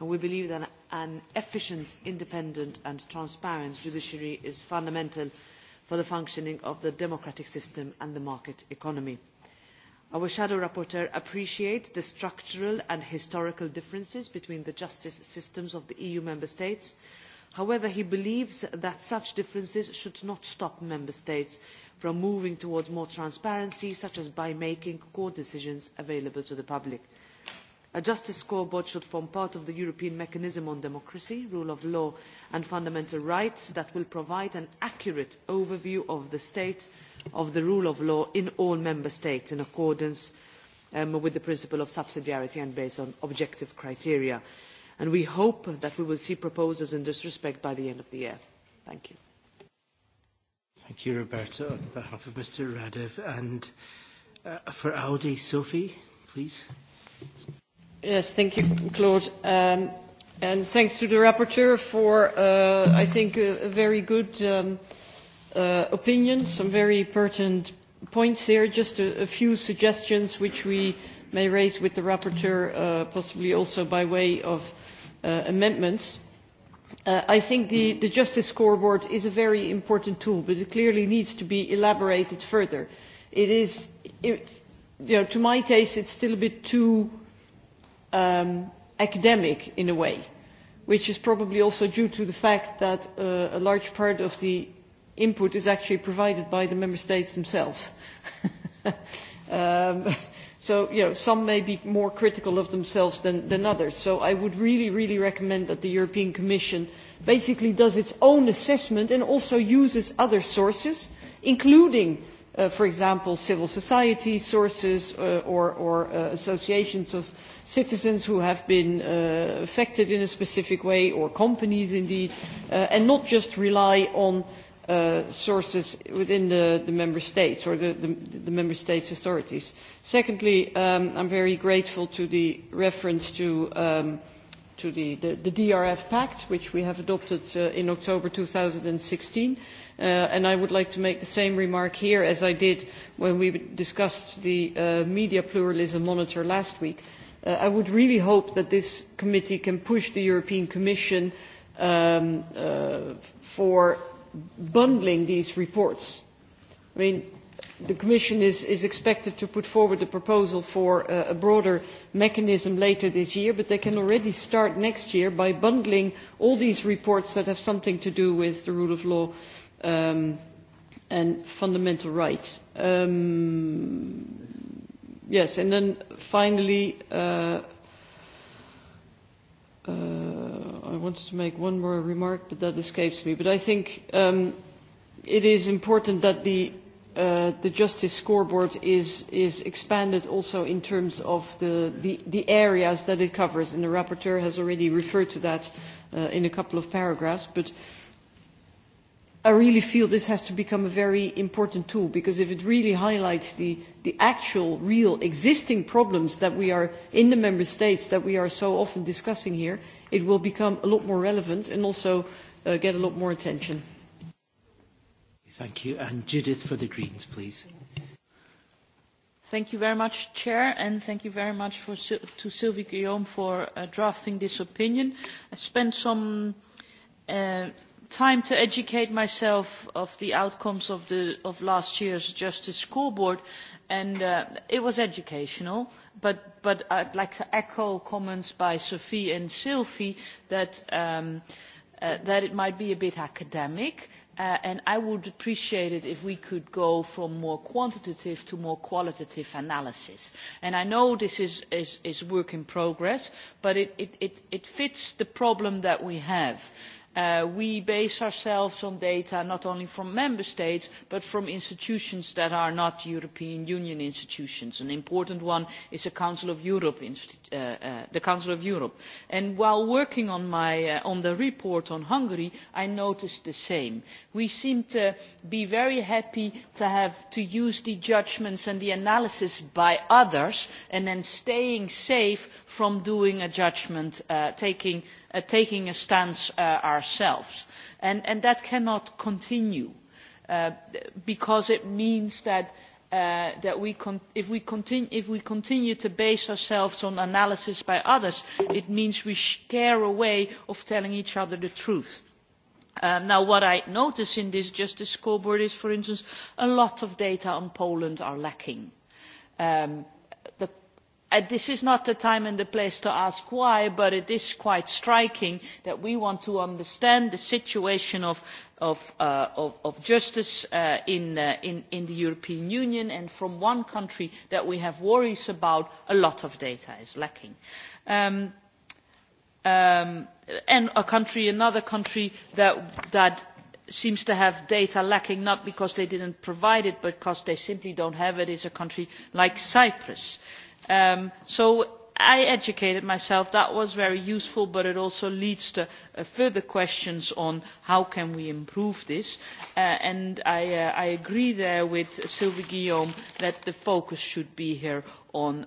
and we believe that an efficient, independent and transparent judiciary is fundamental for the functioning of the democratic system and the market economy. Our shadow rapporteur appreciates the structural and historical differences between the justice systems of the EU member states. However, he believes that such differences should not stop member states from moving towards more transparency, such as by making court decisions available to the public. A justice scoreboard should form part of the European mechanism on democracy, rule of law and fundamental rights that will provide an accurate overview of the state of the rule of law in all member states in accordance um, with the principle of subsidiarity and based on objective criteria. And we hope that we will see proposals in this respect by the end of the year. Thank you. Thank you, Roberto. On behalf of Mr. Radev and uh, for Audi, Sophie, please. Yes, thank you, Claude. Um, and thanks to the rapporteur for, uh, I think, a, a very good um, uh, opinion, some very pertinent points here. Just a, a few suggestions which we may raise with the rapporteur, uh, possibly also by way of uh, amendments. Uh, I think the, the Justice Scoreboard is a very important tool, but it clearly needs to be elaborated further. It is, you know, to my taste, it's still a bit too um, academic in a way, which is probably also due to the fact that uh, a large part of the input is actually provided by the member states themselves. [laughs] um, So, you know, some may be more critical of themselves than, others. So I would really, really recommend that the European Commission basically does its own assessment and also uses other sources, including, uh, for example, civil society sources uh, or, uh, associations of citizens who have been affected in a specific way or companies indeed, and not just rely on Uh, sources within the, the member states or the, the, the member states' authorities. Secondly, um, I'm very grateful to the reference to, um, to the, the, the DRF Pact, which we have adopted uh, in October 2016. Uh, and I would like to make the same remark here as I did when we discussed the uh, media pluralism monitor last week. Uh, I would really hope that this committee can push the European Commission um, uh, for bundling these reports. I mean, the Commission is, is expected to put forward a proposal for a broader mechanism later this year, but they can already start next year by bundling all these reports that have something to do with the rule of law um, and fundamental rights. Um, yes, and then finally, uh, uh i wanted to make one more remark, but that escapes me. But I think um, it is important that the uh, the justice scoreboard is is expanded also in terms of the, the the areas that it covers, and the rapporteur has already referred to that uh, in a couple of paragraphs. But i really feel this has to become a very important tool because if it really highlights the, the actual, real, existing problems that we are in the member states that we are so often discussing here, it will become a lot more relevant and also uh, get a lot more attention. Thank you. And Judith for the Greens, please. Thank you very much, Chair, and thank you very much to Sylvie Guillaume for uh, drafting this opinion. I spent some uh, time to educate myself of the outcomes of the of last year's justice scoreboard and uh, it was educational but but i'd like to echo comments by sophie and sylvie that um, uh, that it might be a bit academic uh, and i would appreciate it if we could go from more quantitative to more qualitative analysis and i know this is is, work in progress but it, it, it, it fits the problem that we have. Uh, we base ourselves on data not only from member states but from institutions that are not european union institutions. an important one is the council of europe, uh, uh, and while working on, the report on hungary i noticed the same. we seem to be very happy to have to use the judgments and the analysis by others and then staying safe from doing a judgment taking Uh, taking a stance uh, ourselves and, that cannot continue uh, because it means that if we, continue to base ourselves on analysis by others it means we scare away of telling each other the truth. Um, now what i notice in this justice scoreboard is for instance a lot of data on poland are lacking. Um, the Uh, this is not the time and the place to ask why but it is quite striking that we want to understand the situation of, uh, justice uh, in, the european union and from one country that we have worries about a lot of data is lacking. Um, um, and a country another country that, that seems to have data lacking not because they did not provide it but because they simply do not have it is a country like cyprus. Um, so i educated myself that was very useful but it also leads to uh, further questions on how can we improve this uh, and I, uh, I agree there with Sylvie Guillaume that the focus should be here on,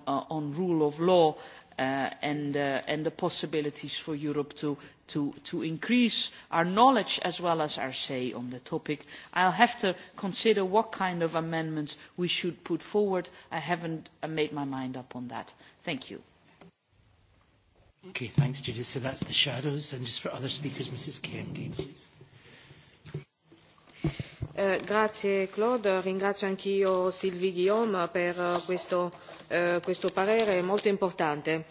rule of law and, and the possibilities for Europe to to, to increase our knowledge as well as our say on the topic. I'll have to consider what kind of amendments we should put forward. I haven't uh, made my mind up on that. Thank you. Okay, thanks, Judith. So that's the shadows. And just for other speakers, Mrs. Kienge, please. Eh, grazie Claude, ringrazio anch'io Sylvie Guillaume per eh, questo, eh, questo parere molto importante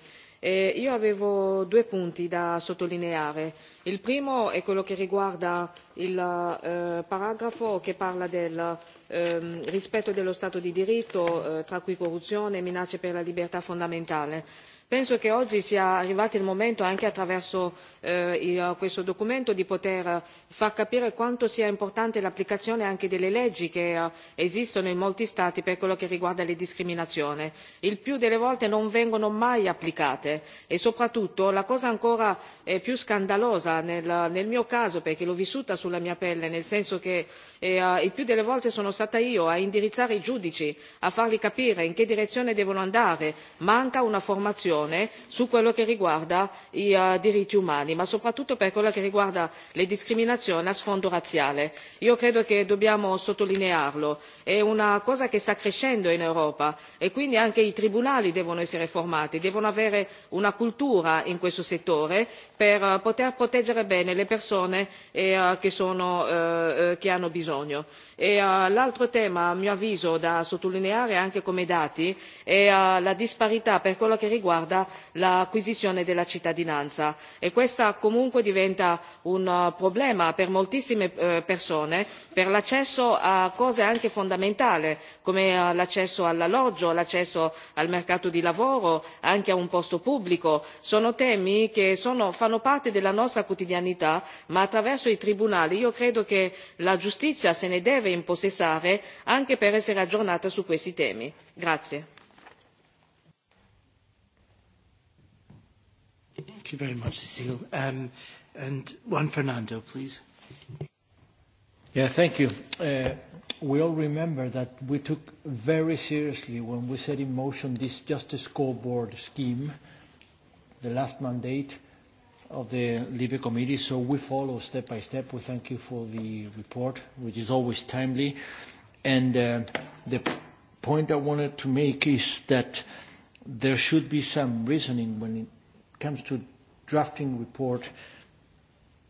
E io avevo due punti da sottolineare il primo è quello che riguarda il eh, paragrafo che parla del ehm, rispetto dello stato di diritto eh, tra cui corruzione e minacce per la libertà fondamentale penso che oggi sia arrivato il momento anche attraverso eh, questo documento di poter eh, far capire quanto sia importante l'applicazione anche delle leggi che eh, esistono in molti stati per quello che riguarda le discriminazioni il più delle volte non vengono mai applicate e soprattutto la cosa ancora più scandalosa nel mio caso perché l'ho vissuta sulla mia pelle nel senso che il più delle volte sono stata io a indirizzare i giudici a farli capire in che direzione devono andare manca una formazione su quello che riguarda i eh, diritti umani ma soprattutto per quello che riguarda le discriminazioni a sfondo razziale. io credo che dobbiamo sottolinearlo è una cosa che sta crescendo in europa e quindi anche i tribunali devono essere formati devono avere una cultura in questo settore per eh, poter proteggere bene le persone eh, eh, che, hanno bisogno. E, l'altro tema a mio avviso da sottolineare anche come dati è la disparità per quello che riguarda l'acquisizione della cittadinanza e questa comunque diventa un problema per moltissime persone per l'accesso a cose anche fondamentali come l'accesso all'alloggio l'accesso al mercato di lavoro anche a un posto pubblico sono temi che sono, fanno parte della nostra quotidianità ma attraverso i tribunali io credo che la giustizia se ne deve impossessare anche per essere aggiornata su questi temi. Um, yeah, thank you. Uh, we all remember that we took very seriously when we set in motion this justice scoreboard scheme, the last mandate, of the LIBE Committee, so we follow step by step. We thank you for the report, which is always timely. And uh, the point I wanted to make is that there should be some reasoning when it comes to drafting report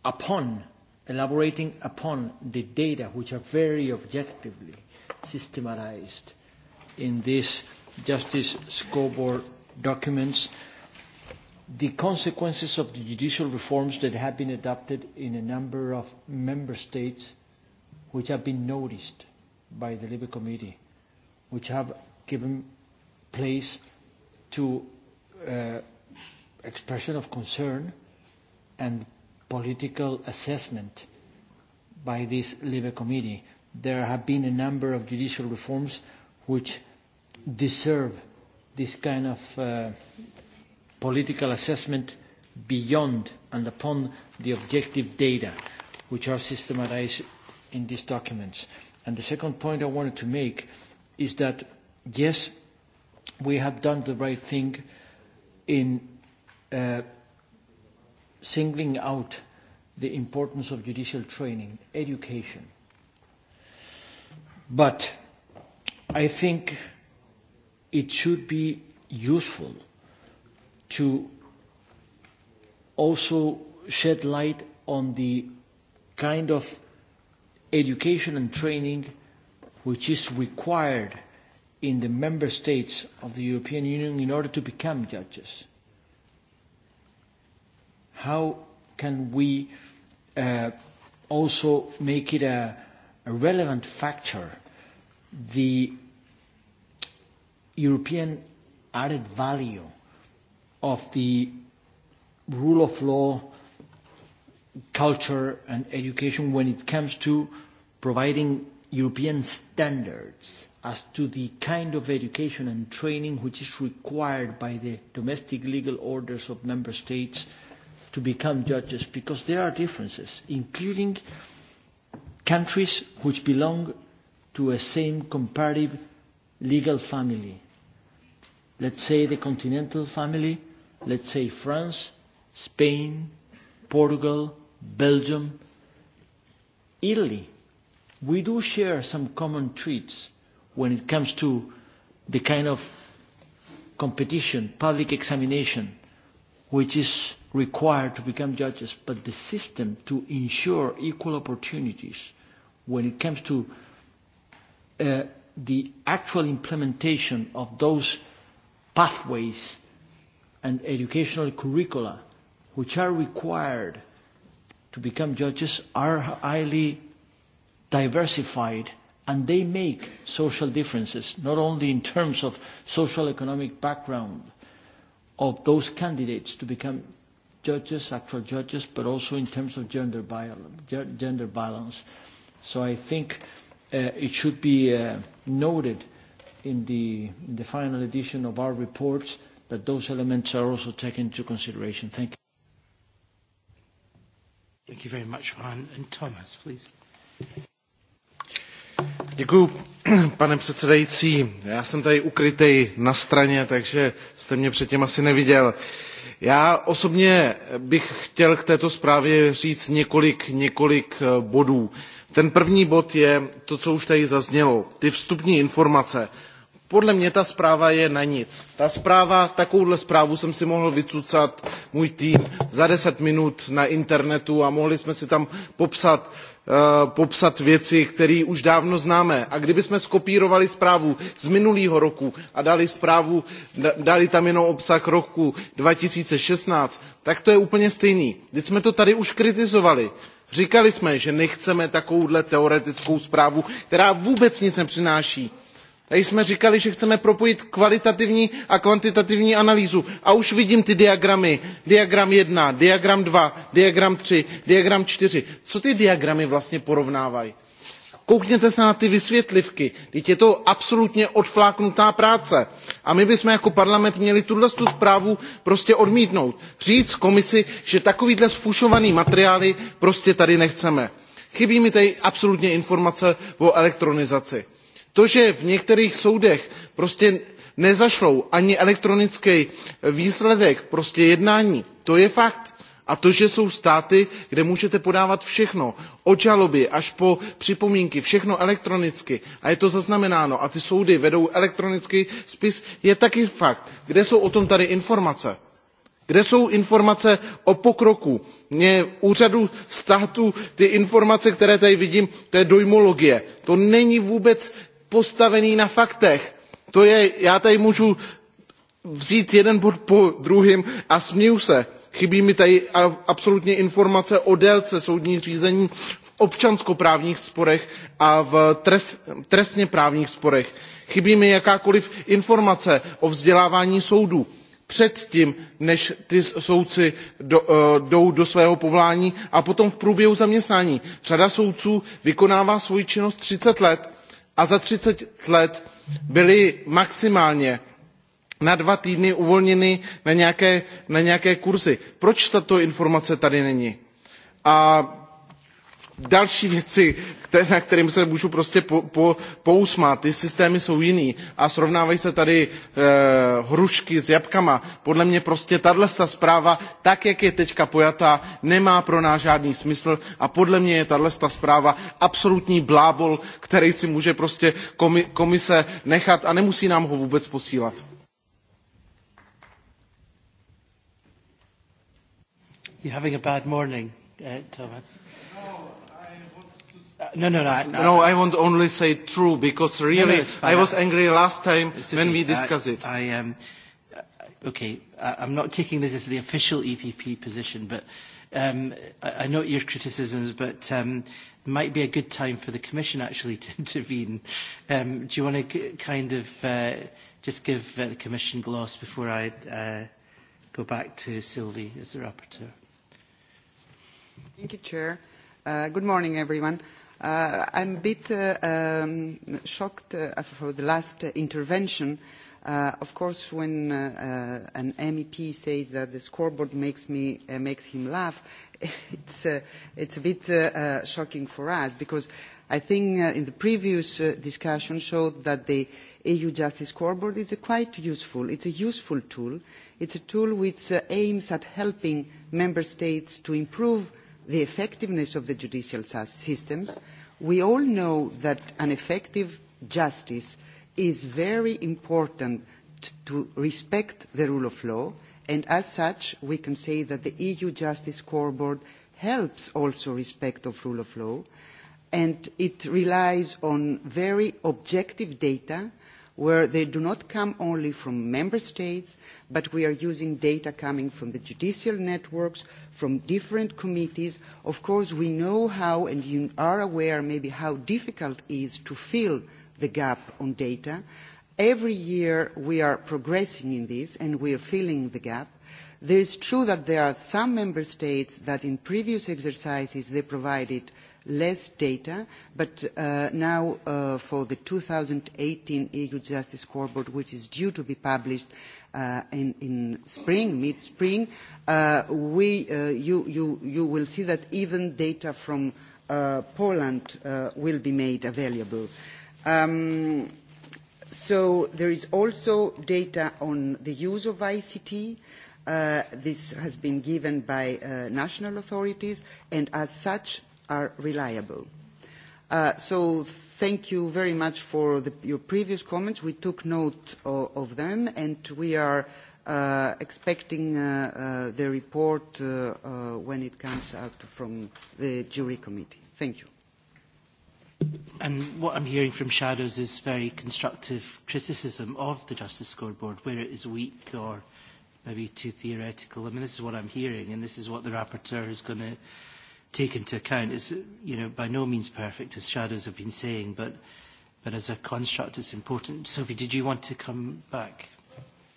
upon, elaborating upon the data which are very objectively systematized in this justice scoreboard documents the consequences of the judicial reforms that have been adopted in a number of member states which have been noticed by the Libre Committee, which have given place to uh, expression of concern and political assessment by this Libre Committee. There have been a number of judicial reforms which deserve this kind of uh, political assessment beyond and upon the objective data which are systematized in these documents. And the second point I wanted to make is that, yes, we have done the right thing in uh, singling out the importance of judicial training, education. But I think it should be useful to also shed light on the kind of education and training which is required in the member states of the European Union in order to become judges. How can we uh, also make it a, a relevant factor, the European added value of the rule of law, culture and education when it comes to providing European standards as to the kind of education and training which is required by the domestic legal orders of member states to become judges, because there are differences, including countries which belong to a same comparative legal family. Let's say the continental family let's say France, Spain, Portugal, Belgium, Italy. We do share some common traits when it comes to the kind of competition, public examination, which is required to become judges, but the system to ensure equal opportunities when it comes to uh, the actual implementation of those pathways and educational curricula which are required to become judges are highly diversified and they make social differences, not only in terms of social economic background of those candidates to become judges, actual judges, but also in terms of gender, gender balance. So I think uh, it should be uh, noted in the, in the final edition of our reports that those elements are also taken into consideration. Thank you. Thank you very much, Juan. And Thomas, please. Děkuji, [clears throat] pane předsedající. Já jsem tady ukrytej na straně, takže jste mě předtím asi neviděl. Já osobně bych chtěl k této zprávě říct několik, několik eh, bodů. Ten první bod je to, co už tady zaznělo, ty vstupní informace podle mě ta zpráva je na nic. Ta zpráva, takovouhle zprávu jsem si mohl vycucat můj tým za deset minut na internetu a mohli jsme si tam popsat eh, popsat věci, které už dávno známe. A kdybychom skopírovali zprávu z minulého roku a dali, zprávu, dali tam jenom obsah roku 2016, tak to je úplně stejný. Teď jsme to tady už kritizovali. Říkali jsme, že nechceme takovouhle teoretickou zprávu, která vůbec nic nepřináší jsme říkali že chceme propojit kvalitativní a kvantitativní analýzu a už vidím ty diagramy diagram jedna, diagram two diagram three diagram four co ty diagramy vlastně porovnávají? koukněte se na ty vysvětlivky vždyť je to absolutně odfláknutá práce a my bychom jako parlament měli tuhle zprávu prostě odmítnout říct komisi že takovýhle zfušovaný materiály prostě tady nechceme. chybí mi tady absolutně informace o elektronizaci to že v některých soudech prostě nezašlou ani elektronický eh, výsledek prostě jednání to je fakt a to že jsou státy kde můžete podávat všechno od žaloby až po připomínky všechno elektronicky a je to zaznamenáno a ty soudy vedou elektronický spis je taky fakt. kde jsou o tom tady informace? kde jsou informace o pokroku? u úřadu státu ty informace které tady vidím to je dojmologie to není vůbec postavený na faktech. To je, já tady můžu vzít jeden bod po druhém a směju se. Chybí mi tady absolutně informace o délce soudní řízení v občanskoprávních sporech a v trest, trestně právních sporech. Chybí mi jakákoliv informace o vzdělávání soudů tím, než ty soudci do, e, jdou do svého povolání a potom v průběhu zaměstnání. Řada soudců vykonává svoji činnost 30 let a za třicet let byly maximálně na dva týdny uvolněny na nějaké, na nějaké kurzy. proč tato informace tady není? a další věci na kterým se můžu prostě po, po, pousmát. Ty systémy jsou jiný a srovnávají se tady e, hrušky s jabkama. Podle mě prostě tahle zpráva, tak jak je teďka pojatá, nemá pro nás žádný smysl a podle mě je tahle zpráva absolutní blábol, který si může prostě komise nechat a nemusí nám ho vůbec posílat. You're having a bad morning, uh, Thomas no, no, no. I, no, I want only say true because really no, no, I was angry last time when we discussed it. I um, uh, okay, I'm not taking this as the official EPP position, but um, I, I note your criticisms, but um, might be a good time for the Commission actually [laughs] to intervene. Um, do you want to kind of uh, just give uh, the Commission gloss before I uh, go back to Sylvie as the rapporteur? Thank you, Chair. Uh, good morning, everyone. Uh, I'm a bit uh, um, shocked uh, for the last intervention. Of course, when an MEP says that the scoreboard makes me makes him laugh, [laughs] it's it's a bit shocking for us because I think in the previous discussion showed that the EU Justice Scoreboard is a quite useful. It's a useful tool. It's a tool which aims at helping member states to improve the effectiveness of the judicial systems, we all know that an effective justice is very important to respect the rule of law, and as such, we can say that the EU Justice Scoreboard helps also respect of rule of law, and it relies on very objective data where they do not come only from member states, but we are using data coming from the judicial networks, from different committees. Of course, we know how, and you are aware maybe how difficult it is to fill the gap on data. Every year we are progressing in this and we are filling the gap. It is true that there are some member states that in previous exercises they provided less data, but uh, now uh, for the 2018 EU Justice Scoreboard, which is due to be published uh, in, in spring, mid-spring, uh, we uh, you, you, you will see that even data from uh, Poland will be made available. Um, so there is also data on the use of ICT, Uh, this has been given by uh, national authorities and as such are reliable. Uh, so thank you very much for the, your previous comments. We took note of, of them and we are uh, expecting uh, uh the report uh, when it comes out from the jury committee. Thank you. And what I'm hearing from Shadows is very constructive criticism of the Justice Scoreboard, where it is weak or maybe too theoretical. I mean, this is what I'm hearing, and this is what the rapporteur is going to take into account. It's you know, by no means perfect, as shadows have been saying, but, but as a construct, it's important. Sophie, did you want to come back?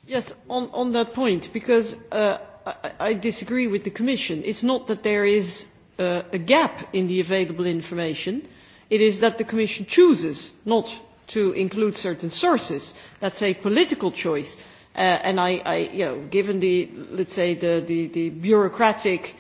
Yes, on, on that point, because uh, I, I disagree with the Commission. It's not that there is uh, a gap in the available information. It is that the Commission chooses not to include certain sources. That's a political choice. Uh, and I, I, you know, given the, let's say, the, the, the bureaucratic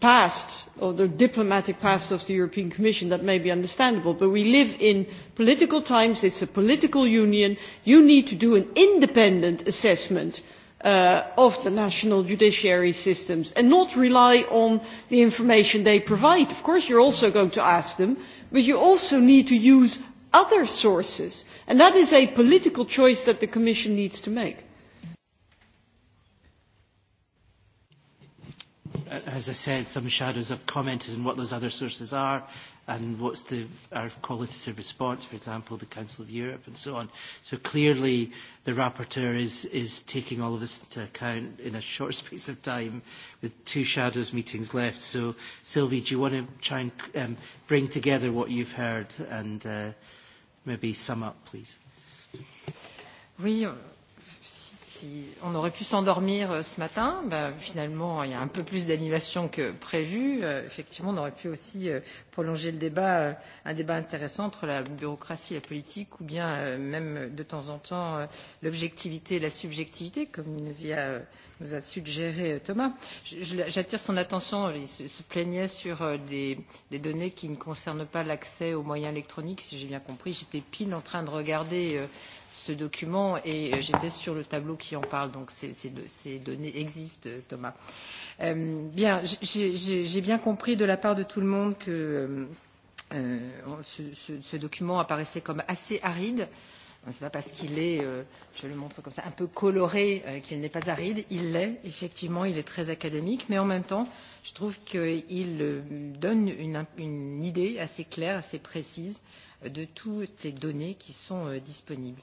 past or the diplomatic past of the european commission that may be understandable but we live in political times it is a political union you need to do an independent assessment uh, of the national judiciary systems and not rely on the information they provide. of course you are also going to ask them but you also need to use other sources and that is a political choice that the commission needs to make. Uh, as I said, some shadows have commented on what those other sources are and what's the, our qualitative response, for example, the Council of Europe and so on. So clearly the rapporteur is, is taking all of this into account in a short [laughs] space of time with two shadows meetings left. So Sylvie, do you want to try and um, bring together what you've heard and uh, maybe sum up, please? si on aurait pu s'endormir euh, ce matin, ben, finalement, il y a un peu plus d'animation que prévu. Euh, effectivement, on aurait pu aussi euh, prolonger le débat, euh, un débat intéressant entre la bureaucratie et la politique, ou bien euh, même euh, de temps en temps l'objectivité et la subjectivité, comme nous, y a, nous a suggéré Thomas. J'attire son attention, il se plaignait sur des, des données qui ne concernent pas l'accès aux moyens électroniques, si j'ai bien compris. J'étais pile en train de regarder ce document et j'étais sur le tableau qui en parle, donc ces, ces, ces données existent, Thomas. Euh, bien, j'ai bien compris de la part de tout le monde que Euh, euh, ce, document apparaissait comme assez aride. Ce n'est pas parce qu'il est, euh, je le montre comme ça, un peu coloré qu'il n'est pas aride. Il l'est, effectivement, il est très académique, mais en même temps, je trouve qu'il donne une, une idée assez claire, assez précise de toutes les données qui sont disponibles.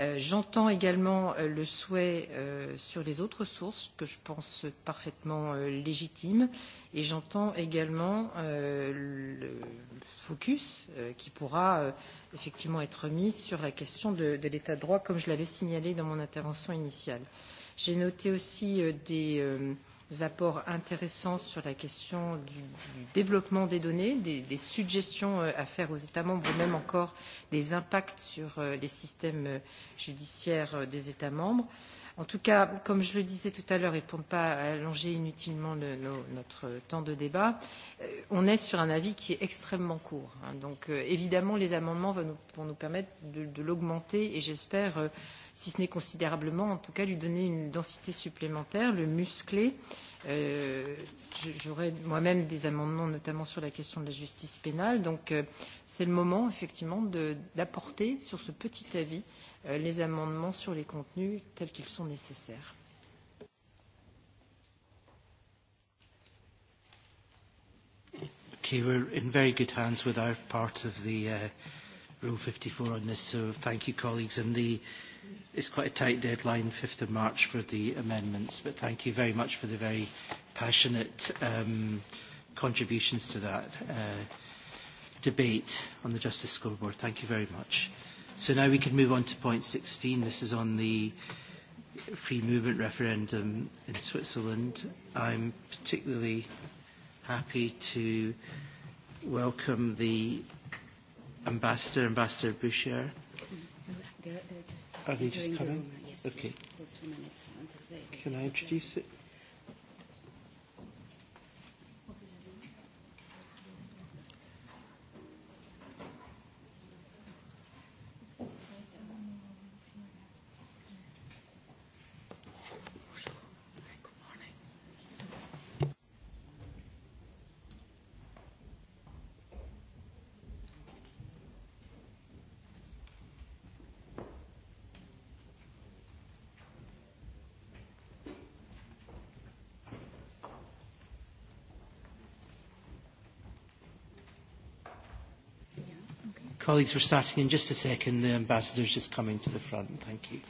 Euh, j'entends également euh, le souhait euh, sur les autres sources que je pense parfaitement légitime, et j'entends également le focus qui pourra effectivement être mis sur la question de, de l'état de droit comme je l'avais signalé dans mon intervention initiale. J'ai noté aussi des apports intéressants sur la question du, du développement des données, des, des suggestions euh, à faire aux États membres, même encore des impacts sur euh, les systèmes euh, judiciaires des États membres. En tout cas, comme je le disais tout à l'heure, et pour ne pas allonger inutilement le, no, notre temps de débat, on est sur un avis qui est extrêmement court. Donc, évidemment, les amendements vont nous, vont nous permettre de, de l'augmenter et j'espère si ce n'est considérablement, en tout cas lui donner une densité supplémentaire, le muscler. Euh, J'aurai moi-même des amendements, notamment sur la question de la justice pénale. Donc euh, c'est le moment, effectivement, d'apporter sur ce petit avis euh, les amendements sur les contenus tels qu'ils sont nécessaires. Okay, we're in very good hands with our part of the uh, Rule 54 on this, so thank you, colleagues. And the It's quite a tight deadline, 5th of March, for the amendments, but thank you very much for the very passionate um, contributions to that uh, debate on the Justice Scoreboard. Thank you very much. So now we can move on to point 16. This is on the free movement referendum in Switzerland. I'm particularly happy to welcome the Ambassador, Ambassador Boucher, They're, Are they just coming? okay. Can I introduce it? Colleagues, are starting in just a second. The ambassador is just coming to the front. Thank you.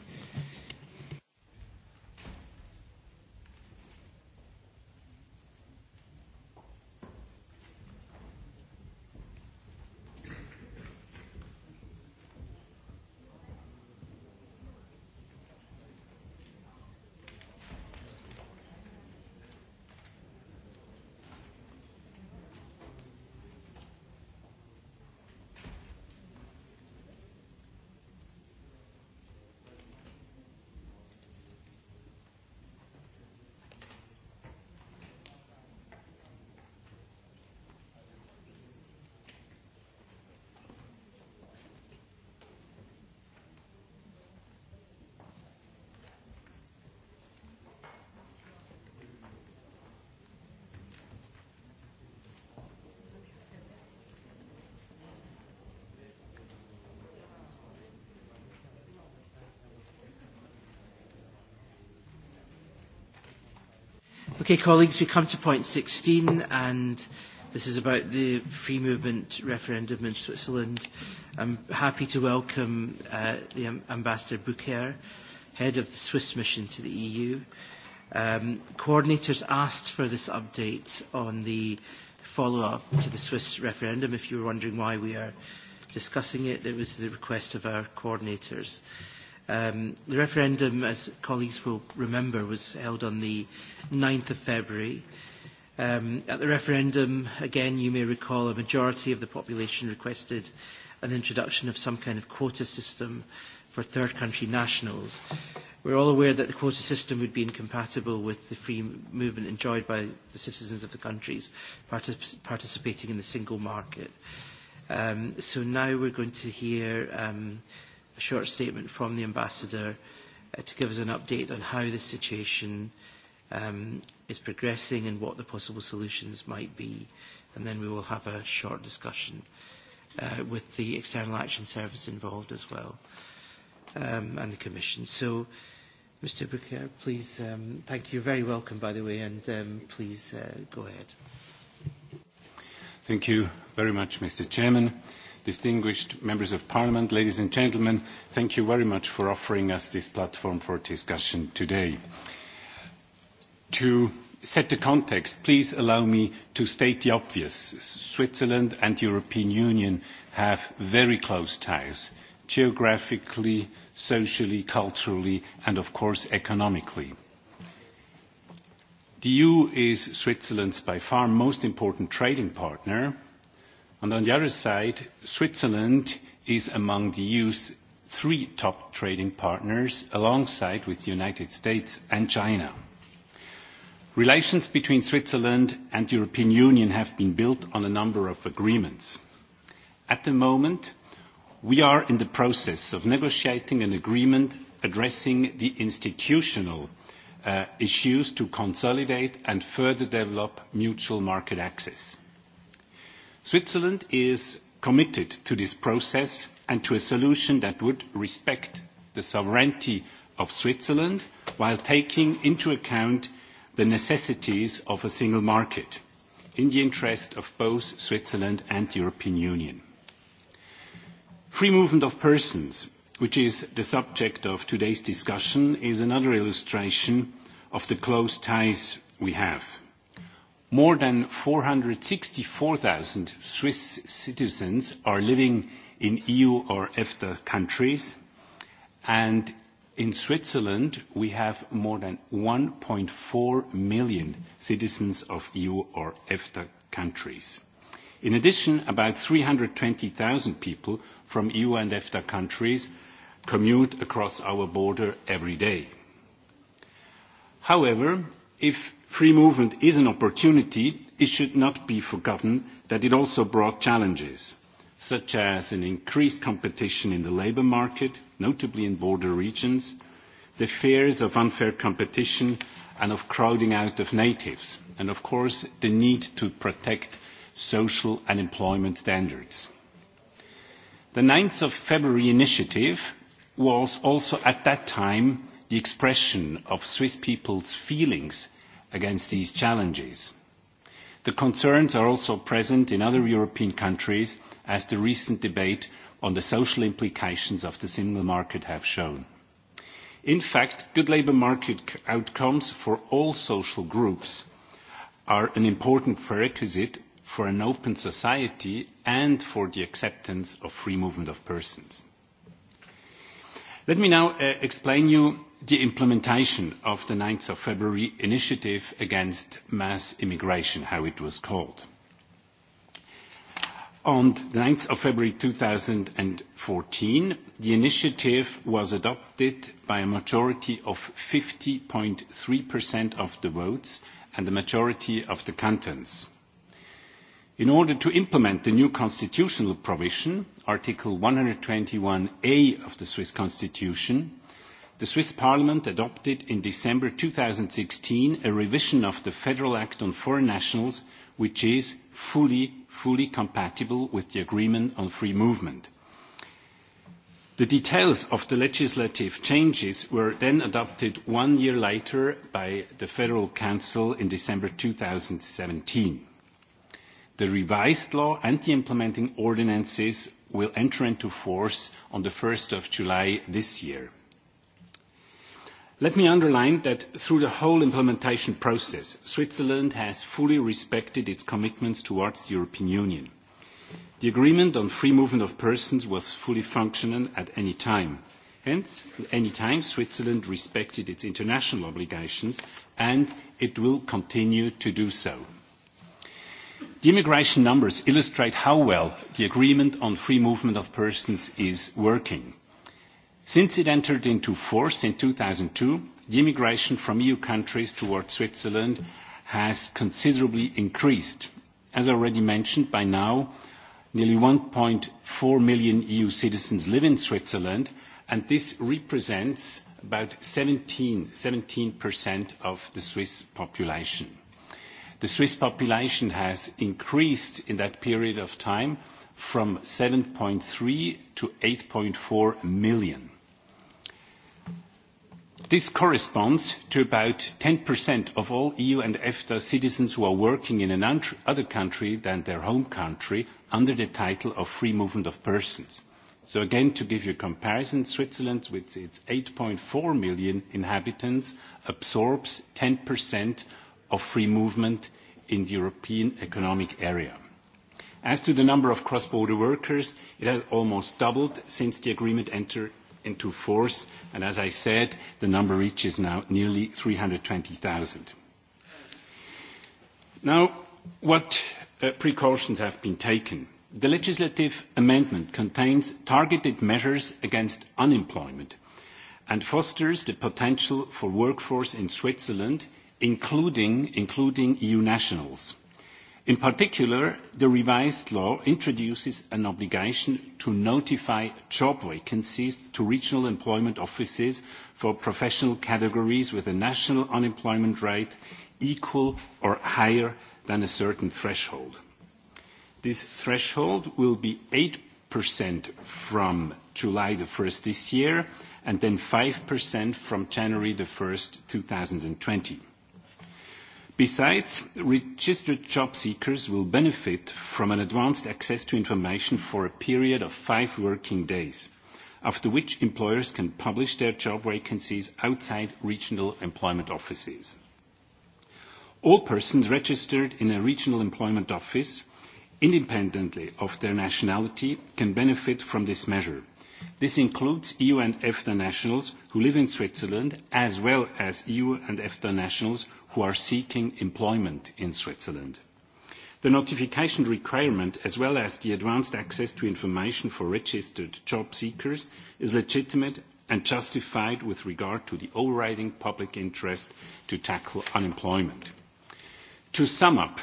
Okay, colleagues, we come to point 16, and this is about the free movement referendum in Switzerland. I'm happy to welcome uh, the um, Ambassador Bucher, head of the Swiss mission to the EU. Um, coordinators asked for this update on the follow-up to the Swiss referendum. If you were wondering why we are discussing it, it was the request of our coordinators. Um, the referendum, as colleagues will remember, was held on the 9th of February. Um, at the referendum, again, you may recall a majority of the population requested an introduction of some kind of quota system for third country nationals. We're all aware that the quota system would be incompatible with the free movement enjoyed by the citizens of the countries participating in the single market. Um, so now we're going to hear um, a short statement from the ambassador uh, to give us an update on how the situation um, is progressing and what the possible solutions might be. And then we will have a short discussion uh, with the External Action Service involved as well um, and the Commission. So, Mr. Booker, please, um, thank you. Very welcome, by the way, and um, please uh, go ahead. Thank you very much, Mr. Chairman distinguished members of parliament, ladies and gentlemen, thank you very much for offering us this platform for discussion today. To set the context, please allow me to state the obvious. Switzerland and the European Union have very close ties, geographically, socially, culturally, and of course, economically. The EU is Switzerland's by far most important trading partner, on the other side, Switzerland is among the EU's three top trading partners, alongside with the United States and China. Relations between Switzerland and the European Union have been built on a number of agreements. At the moment, we are in the process of negotiating an agreement addressing the institutional uh, issues to consolidate and further develop mutual market access. Switzerland is committed to this process and to a solution that would respect the sovereignty of Switzerland while taking into account the necessities of a single market in the interest of both Switzerland and the European Union. Free movement of persons, which is the subject of today's discussion, is another illustration of the close ties we have more than 464,000 Swiss citizens are living in EU or EFTA countries, and in Switzerland, we have more than 1.4 million citizens of EU or EFTA countries. In addition, about 320,000 people from EU and EFTA countries commute across our border every day. However, if free movement is an opportunity it should not be forgotten that it also brought challenges such as an increased competition in the labour market notably in border regions the fears of unfair competition and of crowding out of natives and of course the need to protect social and employment standards. the 9 of february initiative was also at that time the expression of swiss people's feelings against these challenges. The concerns are also present in other European countries, as the recent debate on the social implications of the single market have shown. In fact, good labour market outcomes for all social groups are an important prerequisite for an open society and for the acceptance of free movement of persons. Let me now uh, explain you the implementation of the 9th of February initiative against mass immigration, how it was called. On the 9th of February 2014, the initiative was adopted by a majority of 50.3% of the votes and the majority of the cantons. In order to implement the new constitutional provision, Article 121A of the Swiss Constitution, The Swiss Parliament adopted in December 2016 a revision of the Federal Act on Foreign Nationals, which is fully, compatible with the Agreement on Free Movement. The details of the legislative changes were then adopted one year later by the Federal Council in December 2017. The revised law and the implementing ordinances will enter into force on the 1st of July this year. Let me underline that through the whole implementation process, Switzerland has fully respected its commitments towards the European Union. The agreement on free movement of persons was fully functional at any time. Hence, at any time, Switzerland respected its international obligations, and it will continue to do so. The immigration numbers illustrate how well the agreement on free movement of persons is working. Since it entered into force in 2002, the immigration from EU countries towards Switzerland has considerably increased. As already mentioned, by now, nearly 1.4 million EU citizens live in Switzerland, and this represents about 17, of the Swiss population. The Swiss population has increased in that period of time from 7.3 to 8.4 million. This corresponds to about 10% of all EU and EFTA citizens who are working in another country than their home country under the title of free movement of persons. So again, to give you a comparison, Switzerland, with its 8.4 million inhabitants, absorbs 10% of free movement in the European Economic Area. As to the number of cross-border workers, it has almost doubled since the agreement entered into force, and as I said, the number reaches now nearly 320,000. Now, what uh, precautions have been taken? The legislative amendment contains targeted measures against unemployment and fosters the potential for workforce in Switzerland, including EU nationals. In particular, the revised law introduces an obligation to notify job vacancies to regional employment offices for professional categories with a national unemployment rate equal or higher than a certain threshold. This threshold will be 8% from July the 1st this year, and then 5% from January the 1st, 2020. Besides, registered job seekers will benefit from an advanced access to information for a period of five working days, after which employers can publish their job vacancies outside regional employment offices. All persons registered in a regional employment office, independently of their nationality, can benefit from this measure. This includes EU and EFTA nationals who live in Switzerland, as well as EU and EFTA nationals who are seeking employment in Switzerland. The notification requirement, as well as the advanced access to information for registered job seekers, is legitimate and justified with regard to the overriding public interest to tackle unemployment. To sum up,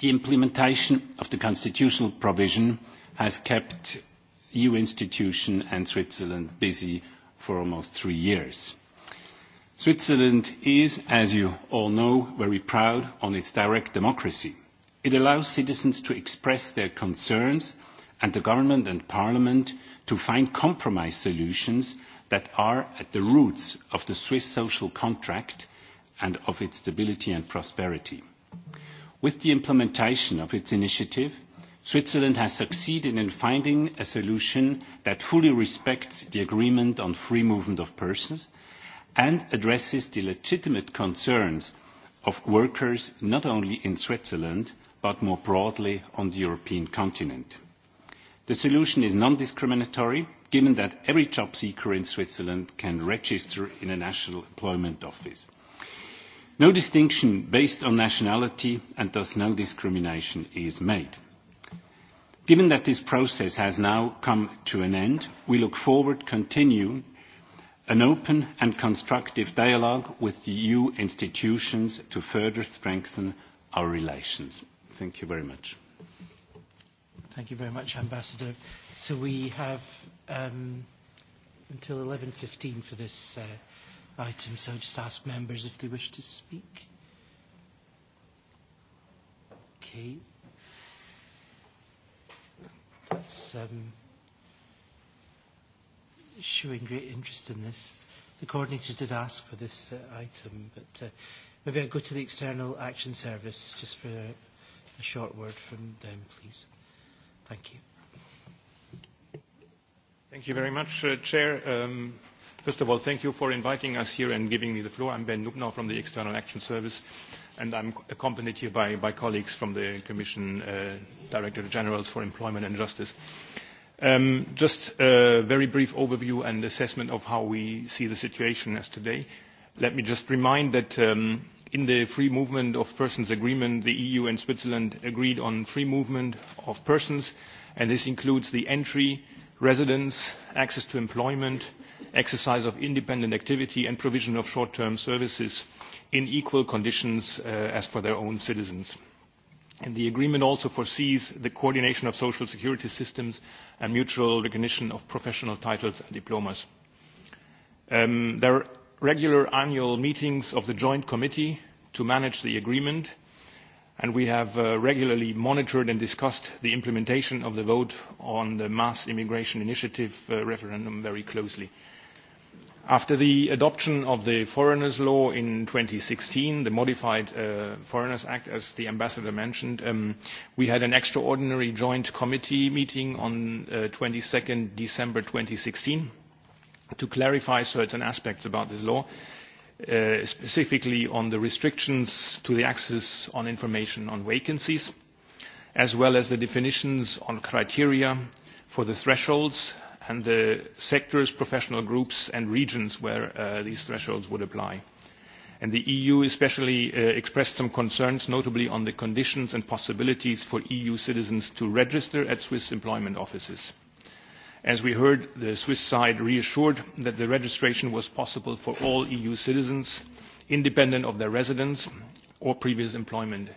the implementation of the constitutional provision has kept EU institution and Switzerland busy for almost three years. Switzerland is, as you all know, very proud on its direct democracy. It allows citizens to express their concerns and the government and parliament to find compromise solutions that are at the roots of the Swiss social contract and of its stability and prosperity. With the implementation of its initiative, Switzerland has succeeded in finding a solution that fully respects the agreement on free movement of persons and addresses the legitimate concerns of workers not only in Switzerland but more broadly on the European continent. The solution is non-discriminatory given that every job seeker in Switzerland can register in a national employment office. No distinction based on nationality and thus no discrimination is made. Given that this process has now come to an end, we look forward continue an open and constructive dialogue with the EU institutions to further strengthen our relations. Thank you very much. Thank you very much, Ambassador. So we have um, until 11.15 for this uh, item, so just ask members if they wish to speak. Okay. That's... Um, showing great interest in this. The coordinators did ask for this uh, item, but uh, maybe I'll go to the External Action Service just for a, a short word from them, please. Thank you. Thank you very much, uh, Chair. Um, first of all, thank you for inviting us here and giving me the floor. I'm Ben Nukno from the External Action Service, and I'm accompanied here by, by colleagues from the Commission uh, Director Generals for Employment and Justice. Uh, Um, just a very brief overview and assessment of how we see the situation as today. Let me just remind that um, in the Free Movement of Persons Agreement, the EU and Switzerland agreed on free movement of persons, and this includes the entry, residence, access to employment, exercise of independent activity, and provision of short-term services in equal conditions uh, as for their own citizens. And the agreement also foresees the coordination of social security systems and mutual recognition of professional titles and diplomas. Um, there are regular annual meetings of the Joint Committee to manage the agreement, and we have uh, regularly monitored and discussed the implementation of the vote on the mass immigration initiative uh, referendum very closely. After the adoption of the Foreigners' Law in 2016, the modified uh, Foreigners Act, as the Ambassador mentioned, um, we had an extraordinary joint committee meeting on uh, 22nd December 2016 to clarify certain aspects about this law, uh, specifically on the restrictions to the access on information on vacancies, as well as the definitions on criteria for the thresholds and the sectors, professional groups, and regions where uh, these thresholds would apply. And the EU especially uh, expressed some concerns, notably on the conditions and possibilities for EU citizens to register at Swiss employment offices. As we heard, the Swiss side reassured that the registration was possible for all EU citizens, independent of their residence or previous employment.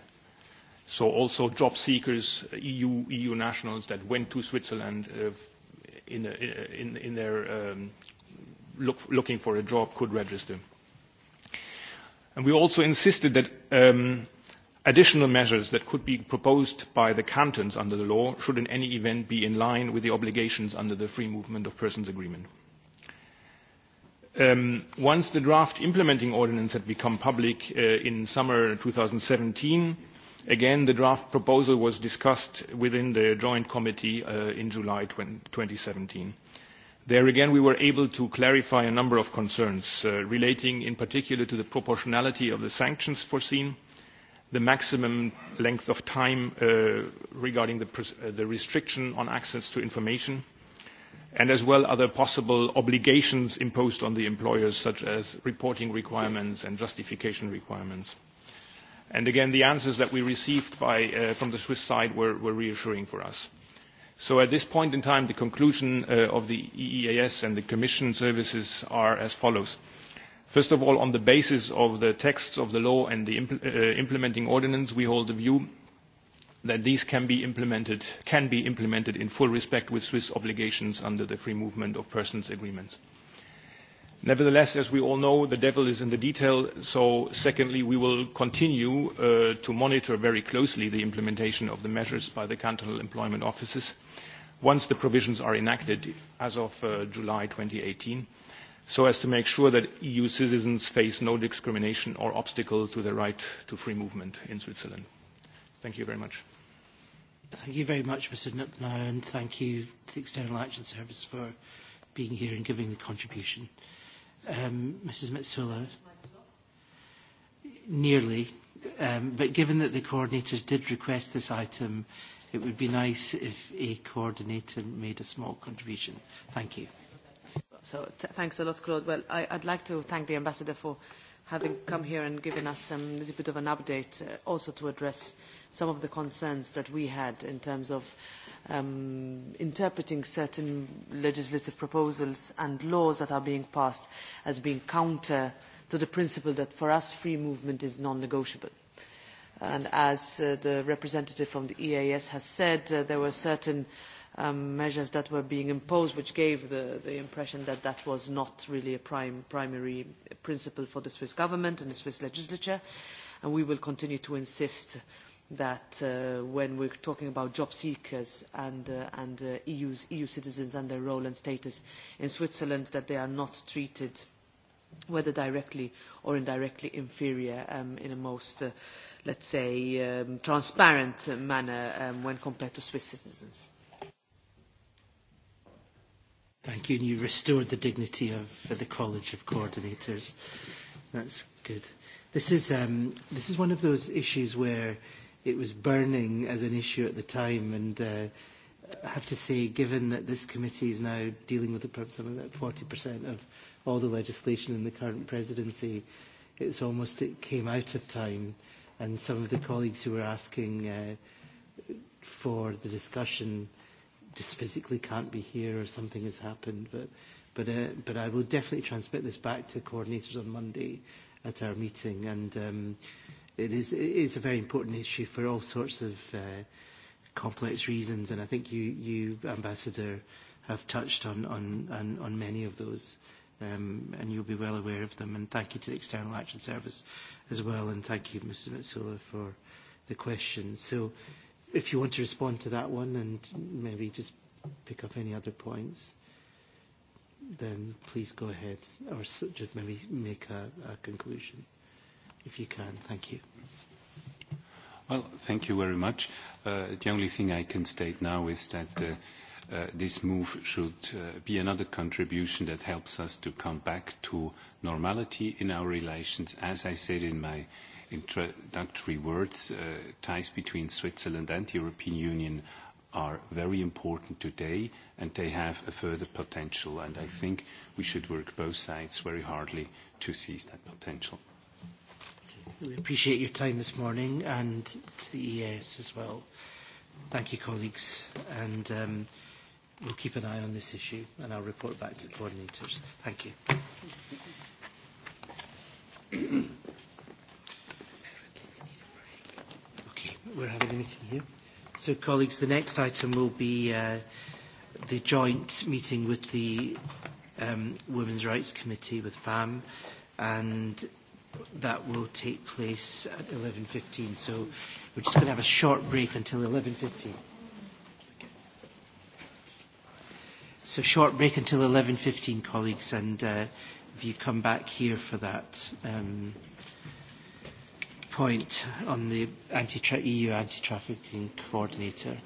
So also job seekers, EU, EU nationals that went to Switzerland uh, in, uh, uh, in, in their um, look, looking for a job could register. And we also insisted that um, additional measures that could be proposed by the cantons under the law should in any event be in line with the obligations under the Free Movement of Persons Agreement. Um, once the draft implementing ordinance had become public uh, in summer 2017, Again, the draft proposal was discussed within the joint committee uh, in July 2017. There again, we were able to clarify a number of concerns uh, relating in particular to the proportionality of the sanctions foreseen, the maximum length of time uh, regarding the restriction on access to information, and as well other possible obligations imposed on the employers, such as reporting requirements and justification requirements. And again, the answers that we received by, uh, from the Swiss side were, were reassuring for us. So at this point in time, the conclusion uh, of the EEAS and the Commission services are as follows. First of all, on the basis of the texts of the law and the uh, implementing ordinance, we hold the view that these can be implemented, can be implemented in full respect with Swiss obligations under the free movement of persons agreements. Nevertheless, as we all know, the devil is in the detail. So secondly, we will continue uh, to monitor very closely the implementation of the measures by the cantonal employment offices once the provisions are enacted as of uh, July 2018, so as to make sure that EU citizens face no discrimination or obstacle to the right to free movement in Switzerland. Thank you very much. Thank you very much, Mr. Nuttner and thank you to the External Action Service for being here and giving the contribution um, Mrs. Mitsula? Nearly. Um, but given that the coordinators did request this item, it would be nice if a coordinator made a small contribution. Thank you. So t- thanks a lot, Claude. Well, I, I'd like to thank the ambassador for having come here and given us a little bit of an update, uh, also to address some of the concerns that we had in terms of um, interpreting certain legislative proposals and laws that are being passed as being counter to the principle that for us free movement is non-negotiable. And as uh, the representative from the EAS has said, uh, there were certain um, measures that were being imposed which gave the, impression that that was not really a primary principle for the Swiss government and the Swiss legislature. And we will continue to insist that uh, when we're talking about job seekers and, uh, and uh, EU's, EU citizens and their role and status in Switzerland, that they are not treated, whether directly or indirectly, inferior um, in a most, uh, let's say, um, transparent manner um, when compared to Swiss citizens. Thank you. And you restored the dignity of the College of Coordinators. That's good. This is, um, this is one of those issues where it was burning as an issue at the time. And uh, I have to say, given that this committee is now dealing with something like 40% of all the legislation in the current presidency, it's almost it came out of time. And some of the colleagues who were asking uh, for the discussion just physically can't be here or something has happened. But, but, uh, but I will definitely transmit this back to coordinators on Monday at our meeting. And um, it is, it is a very important issue for all sorts of uh, complex reasons, and I think you, you Ambassador, have touched on, on, on, on many of those, um, and you'll be well aware of them. And thank you to the External Action Service as well, and thank you, Mr. Mitsula, for the question. So if you want to respond to that one and maybe just pick up any other points, then please go ahead, or just maybe make a, a conclusion if you can. Thank you. Well, thank you very much. Uh, the only thing I can state now is that uh, uh, this move should be another contribution that helps us to come back to normality in our relations. As I said in my introductory words, ties between Switzerland and the European Union are very important today, and they have a further potential, and I think we should work both sides very hardly to seize that potential. We appreciate your time this morning and to the EAS as well. Thank you, colleagues. And um, we'll keep an eye on this issue and I'll report back to the coordinators. Thank you. okay, we're having a meeting here. So, colleagues, the next item will be uh, the joint meeting with the um, Women's Rights Committee, with FAM, and that will take place at 11.15. So we're just going to have a short break until 11.15. So short break until 11.15, colleagues, and uh, if you come back here for that um, point on the anti tra EU anti-trafficking coordinator.